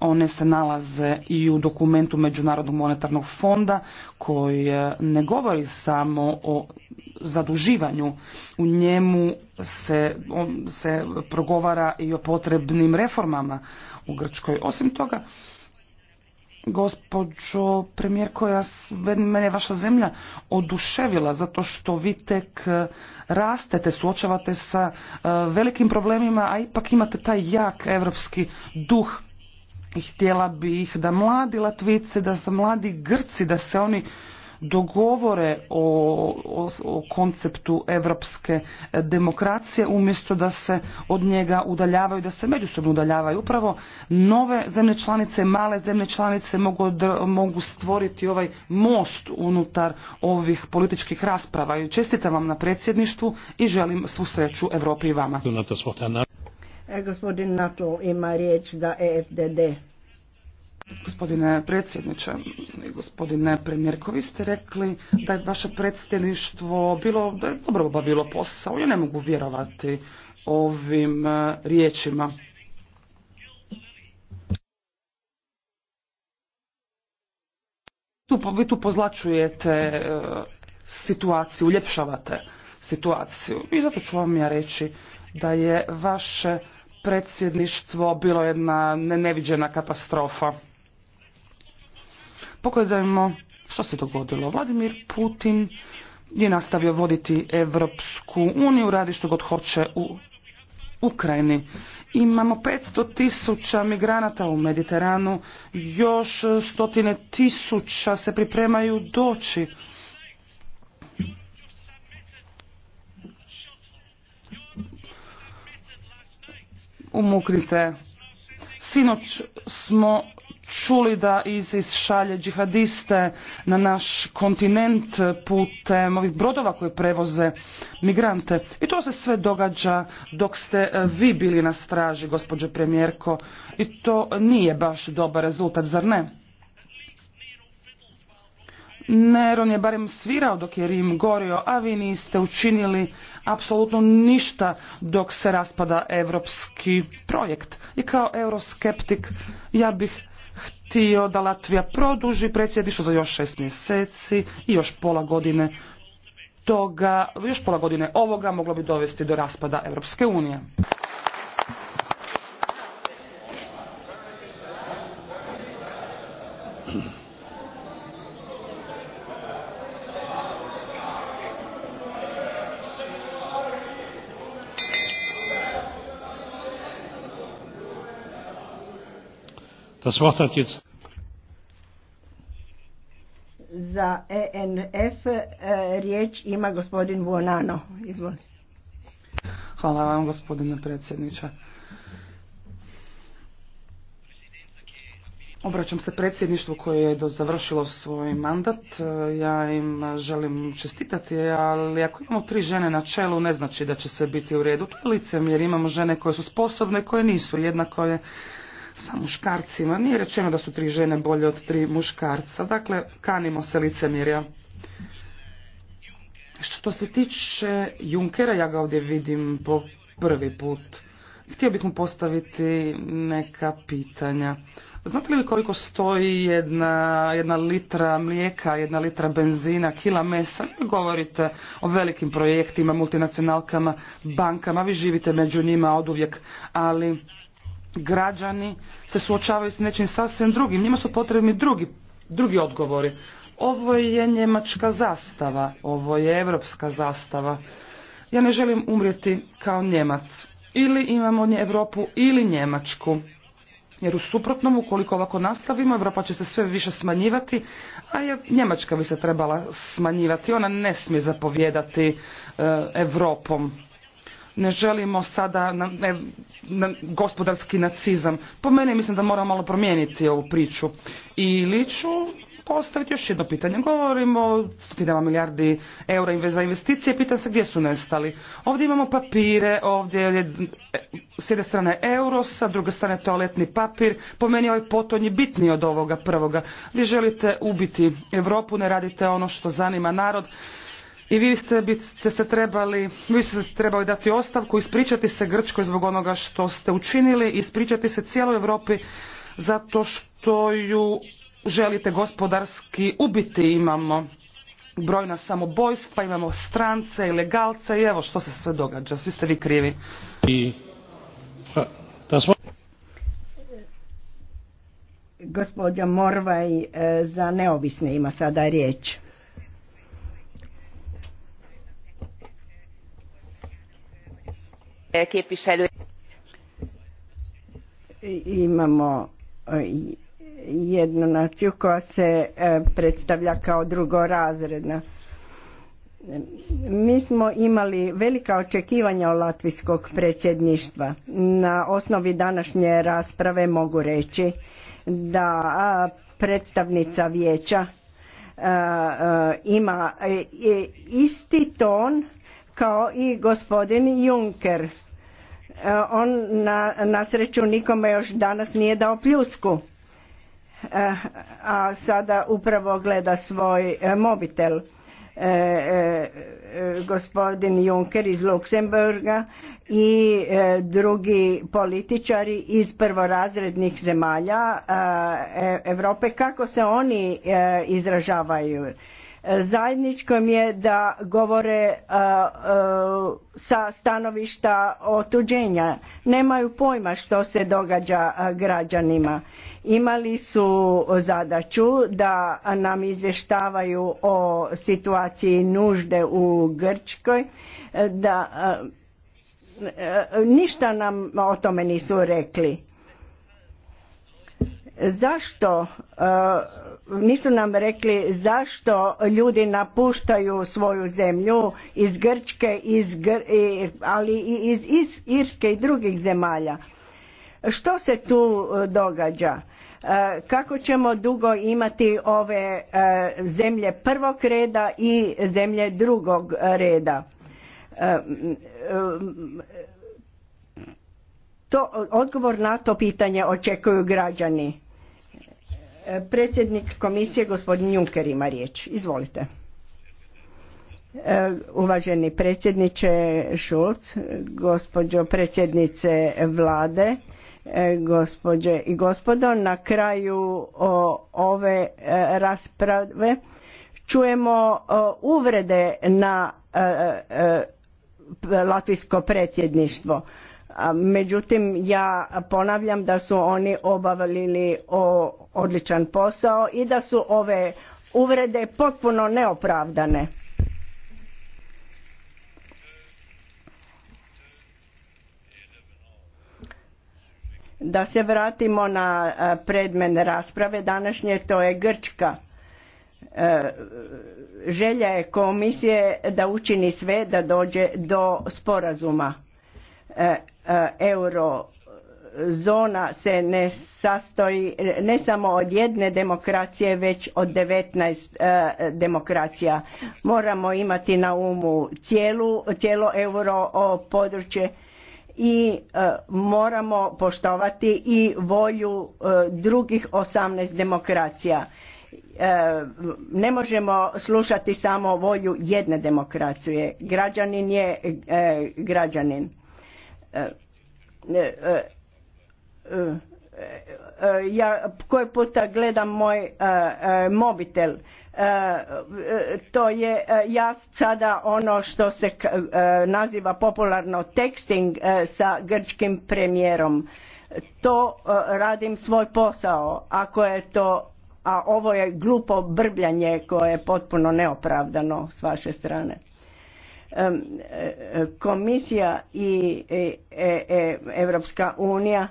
one se nalaze i u dokumentu Međunarodnog monetarnog fonda koji e, ne govori samo o zaduživanju. U njemu se, on, se progovara i o potrebnim reformama u Grčkoj. Osim toga, gospođo premijer koja mene vaša zemlja oduševila zato što vi tek e, rastete, suočavate sa e, velikim problemima, a ipak imate taj jak evropski duh i htjela bih da mladi Latvice, da se mladi Grci, da se oni dogovore o, o, konceptu evropske e, demokracije umjesto da se od njega udaljavaju, da se međusobno udaljavaju. Upravo nove zemlje članice, male zemlje članice mogu, mogu stvoriti ovaj most unutar ovih političkih rasprava. I čestitam vam na predsjedništvu i želim svu sreću Europi i vama. E, gospodin to ima riječ za EFDD. Gospodine predsjedniče, gospodine premijerko, vi ste rekli da je vaše predsjedništvo bilo, da je dobro obavilo posao. Ja ne mogu vjerovati ovim e, riječima. Tu, vi tu pozlačujete e, situaciju, uljepšavate situaciju. I zato ću vam ja reći da je vaše predsjedništvo bilo jedna neviđena katastrofa. Pogledajmo što se dogodilo. Vladimir Putin je nastavio voditi Evropsku uniju, radi što god hoće u Ukrajini. Imamo 500 tisuća migranata u Mediteranu, još stotine tisuća se pripremaju doći. umuknite. Sinoć smo čuli da iz šalje džihadiste na naš kontinent putem ovih brodova koje prevoze migrante. I to se sve događa dok ste e, vi bili na straži, gospođo premijerko. I to nije baš dobar rezultat, zar ne? Neron je barem svirao dok je Rim gorio, a vi niste učinili apsolutno ništa dok se raspada evropski projekt. I kao euroskeptik ja bih htio da Latvija produži predsjedništvo za još šest mjeseci i još pola godine toga, još pola godine ovoga moglo bi dovesti do raspada Europske unije. za ENF e, riječ ima gospodin Buonano. Izvolite. Hvala vam gospodine predsjedniče. Obraćam se predsjedništvu koje je do završilo svoj mandat. E, ja im želim čestitati, ali ako imamo tri žene na čelu, ne znači da će sve biti u redu. To je jer imamo žene koje su sposobne, koje nisu. Jednako je sa muškarcima. Nije rečeno da su tri žene bolje od tri muškarca. Dakle, kanimo se mirja. Što se tiče Junkera, ja ga ovdje vidim po prvi put. Htio bih mu postaviti neka pitanja. Znate li koliko stoji jedna, jedna litra mlijeka, jedna litra benzina, kila mesa? govorite o velikim projektima, multinacionalkama, bankama, vi živite među njima oduvijek, ali građani se suočavaju s nečim sasvim drugim. Njima su potrebni drugi, drugi odgovori. Ovo je njemačka zastava, ovo je evropska zastava. Ja ne želim umrijeti kao njemac. Ili imamo Europu ili Njemačku. Jer u suprotnom, ukoliko ovako nastavimo, Evropa će se sve više smanjivati, a je Njemačka bi se trebala smanjivati. Ona ne smije zapovjedati Europom ne želimo sada na, ne, gospodarski nacizam. Po meni mislim da moramo malo promijeniti ovu priču. Ili ću postaviti još jedno pitanje. Govorimo o stotinama milijardi eura za investicije, pitam se gdje su nestali. Ovdje imamo papire, ovdje je s jedne strane euro, sa druge strane toaletni papir. Po meni ovaj potonji bitniji od ovoga prvoga. Vi želite ubiti Europu, ne radite ono što zanima narod i vi ste, se trebali, vi ste trebali dati ostavku, ispričati se Grčkoj zbog onoga što ste učinili, ispričati se cijeloj Europi zato što ju želite gospodarski ubiti. Imamo brojna samobojstva, imamo strance, ilegalce i evo što se sve događa. Svi ste vi krivi. I... Gospodja Morvaj e, za neovisne ima sada riječ. Imamo e, jednu naciju koja se e, predstavlja kao drugorazredna. Mi smo imali velika očekivanja od latvijskog predsjedništva. Na osnovi današnje rasprave mogu reći da predstavnica vijeća e, ima isti ton kao i gospodin Juncker Eh, on na, sreću nikome još danas nije dao pljusku eh, a sada upravo gleda svoj eh, mobitel gospodin Juncker iz Luksemburga i drugi političari iz prvorazrednih zemalja Europe e, kako se oni izražavaju Zajedničkom je da govore e, e, sa stanovišta otuđenja. Nemaju pojma što se događa e, građanima. Imali su zadaću da nam izvještavaju o situaciji nužde u Grčkoj, da ništa nam o tome nisu rekli zašto e, nisu nam rekli zašto ljudi napuštaju svoju zemlju iz Grčke iz e, ali i iz, iz Irske i drugih zemalja što se tu e, događa kako ćemo dugo imati ove zemlje prvog reda i zemlje drugog reda to odgovor na to pitanje očekuju građani Predsjednik komisije gospodin Juncker ima riječ. Izvolite. E, uvaženi predsjedniče Šulc, gospođo predsjednice vlade, e, gospođe i gospodo, na kraju ove e, rasprave čujemo uvrede na latvijsko predsjedništvo. Međutim, ja ponavljam da su oni obavljili odličan posao i da su ove uvrede potpuno neopravdane. Da se vratimo na predmene rasprave današnje, to je Grčka. E, želja je komisije da učini sve da dođe do sporazuma e, Eh, euro eh, zona se ne sastoji ne samo od jedne demokracije već od 19 eh, demokracija moramo imati na umu cijelo euro područje i moramo poštovati i volju drugih 18 demokracija ne možemo slušati samo volju jedne demokracije građanin je građanin E, e, e, ja koji puta gledam moj mobitel to je ja sada ono što se naziva popularno texting sa grčkim premijerom to radim svoj posao ako je to a ovo je glupo brbljanje koje je potpuno neopravdano s vaše strane E, e, komisija i e, Evropska unija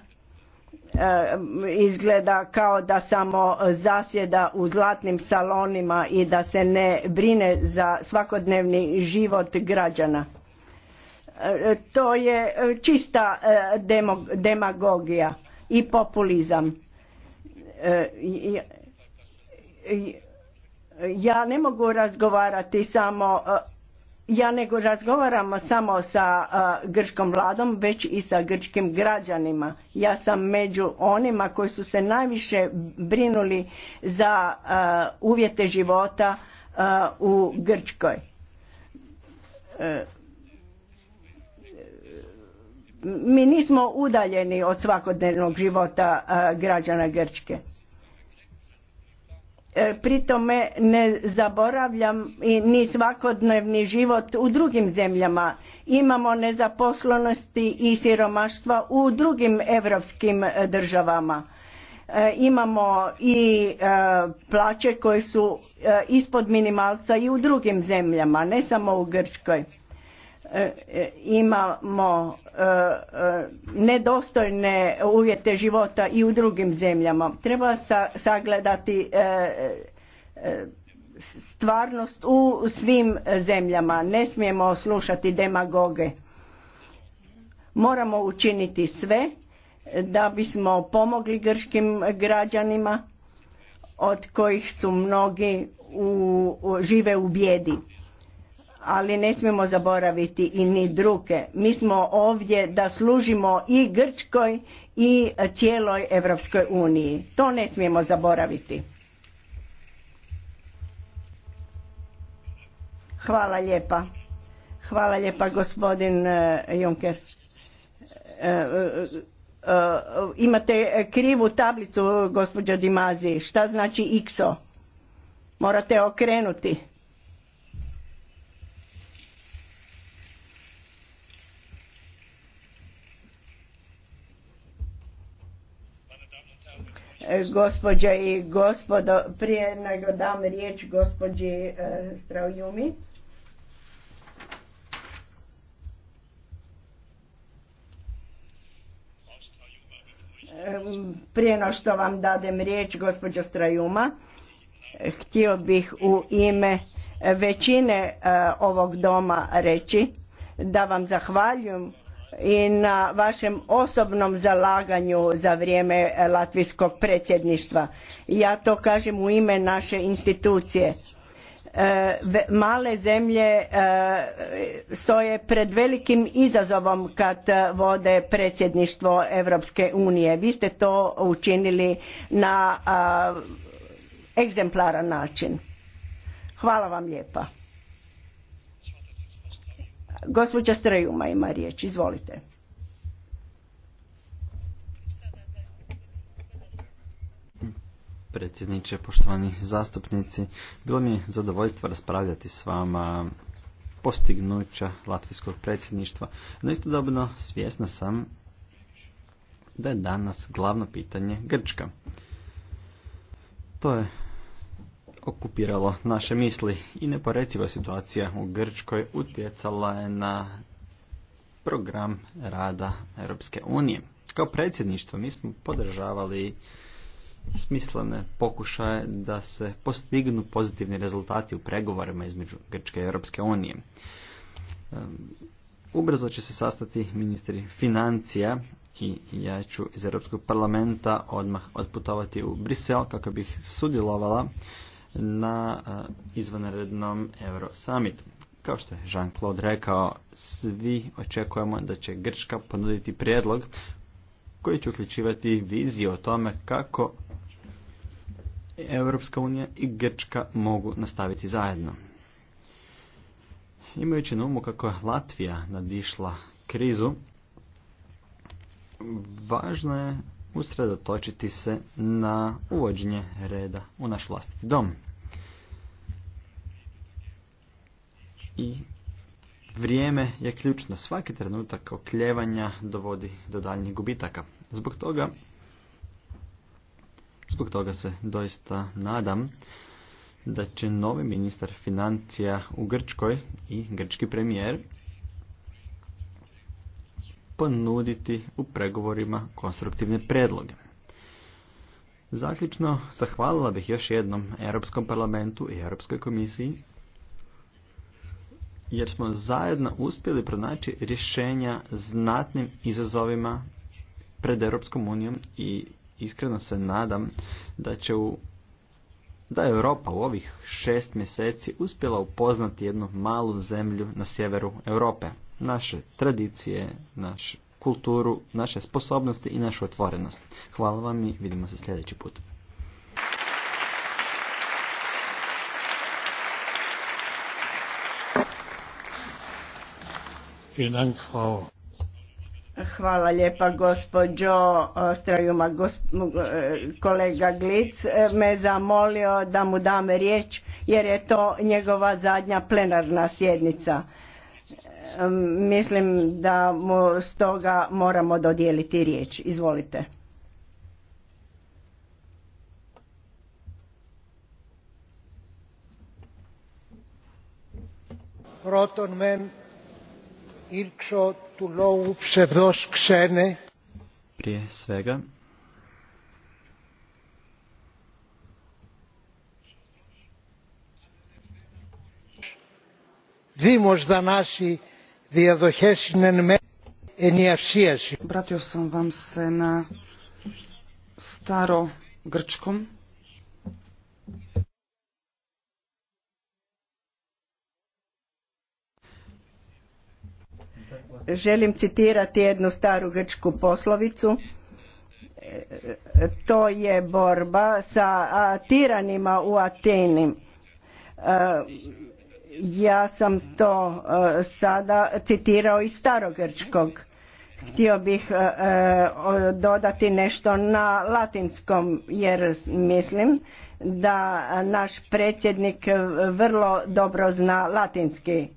izgleda kao da samo zasjeda u zlatnim salonima i da se ne brine za svakodnevni život građana. To je čista demagogija i populizam. Ja ne mogu razgovarati samo ja nego razgovaram samo sa grčkom vladom, već i sa grčkim građanima. Ja sam među onima koji su se najviše brinuli za uvjete života u Grčkoj. E, mi nismo udaljeni od svakodnevnog života građana Grčke. E, pri tome ne zaboravljam i ni svakodnevni život u drugim zemljama. Imamo nezaposlenosti i siromaštva u drugim europskim e, državama. E, imamo i plaće koje su ispod minimalca i u drugim zemljama, ne samo u Grčkoj E, e, imamo e, nedostojne uvjete života i u drugim zemljama. Treba sagledati stvarnost u svim zemljama. Ne smijemo slušati demagoge. Moramo učiniti sve da bismo pomogli grškim građanima od kojih su mnogi žive u bijedi ali ne smijemo zaboraviti i ni druge. Mi smo ovdje da služimo i Grčkoj i cijeloj Europskoj uniji. To ne smijemo zaboraviti. Hvala lijepa. Hvala lijepa gospodin e, Juncker. E, e, imate krivu tablicu gospođo Dimazi. Šta znači XO? Morate okrenuti. gospođa i gospodo, prije nego dam riječ gospođi e, Straujumi. Prije no što vam dadem riječ, gospođo Strajuma, htio bih u ime većine e, ovog doma reći da vam zahvaljujem i na vašem osobnom zalaganju za vrijeme latvijskog predsjedništva. Ja to kažem u ime naše institucije. E, male zemlje e, stoje pred velikim izazovom kad vode predsjedništvo Europske unije. Vi ste to učinili na egzemplaran način. Hvala vam lijepa. Gospođa Strejuma ima riječ, izvolite. Predsjedniče, poštovani zastupnici, bilo mi je zadovoljstvo raspravljati s vama postignuća latvijskog predsjedništva, no istodobno svjesna sam da je danas glavno pitanje Grčka. To je okupiralo naše misli i neporeciva situacija u Grčkoj utjecala je na program rada Europske unije. Kao predsjedništvo mi smo podržavali smislene pokušaje da se postignu pozitivni rezultati u pregovorima između Grčke i Europske unije. Ehm, ubrzo će se sastati ministri financija i ja ću iz Europskog parlamenta odmah otputovati u Brisel kako bih sudjelovala na izvanrednom Euro Summit. Kao što je Jean-Claude rekao, svi očekujemo da će Grčka ponuditi prijedlog koji će uključivati viziju o tome kako Europska unija i Grčka mogu nastaviti zajedno. Imajući na umu kako je Latvija nadišla krizu, važno je usredotočiti se na uvođenje reda u naš vlastiti dom. I vrijeme je ključno. Svaki trenutak okljevanja dovodi do daljnjih gubitaka. Zbog toga, zbog toga se doista nadam da će novi ministar financija u Grčkoj i grčki premijer ponuditi u pregovorima konstruktivne predloge. Zaključno, zahvalila bih još jednom Europskom parlamentu i Europskoj komisiji jer smo zajedno uspjeli pronaći rješenja znatnim izazovima pred Europskom unijom i iskreno se nadam da će u da je Europa u ovih šest mjeseci uspjela upoznati jednu malu zemlju na sjeveru Europe naše tradicije, našu kulturu, naše sposobnosti i našu otvorenost. Hvala vam i vidimo se sljedeći put. Hvala lijepa gospođo Strajuma. kolega Glic me zamolio da mu dam riječ jer je to njegova zadnja plenarna sjednica. Mislim da mu stoga moramo dodijeliti riječ. Izvolite. Πρώτον μεν ήρξω του λόγου ψευδός ξένε. Prije svega, vi za naši Obratio sam vam se na staro grčkom. Želim citirati jednu staru grčku poslovicu. E, to je borba sa tiranima u Ateni e, ja sam to e, sada citirao iz starogrčkog. Htio bih e, e, dodati nešto na latinskom jer mislim da naš predsjednik vrlo dobro zna latinski.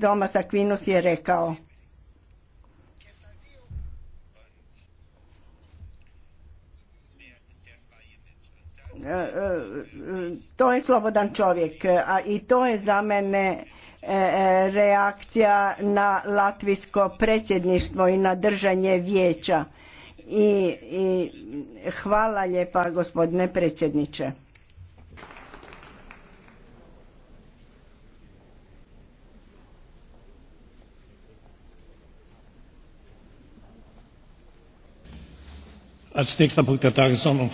Thomas Aquinas je rekao to je slobodan čovjek, e, a i to je za mene e, e, reakcija na latvijsko predsjedništvo i na držanje vijeća. I, i hvala lijepa gospodine predsjedniče. Als nächster Punkt der Tagesordnung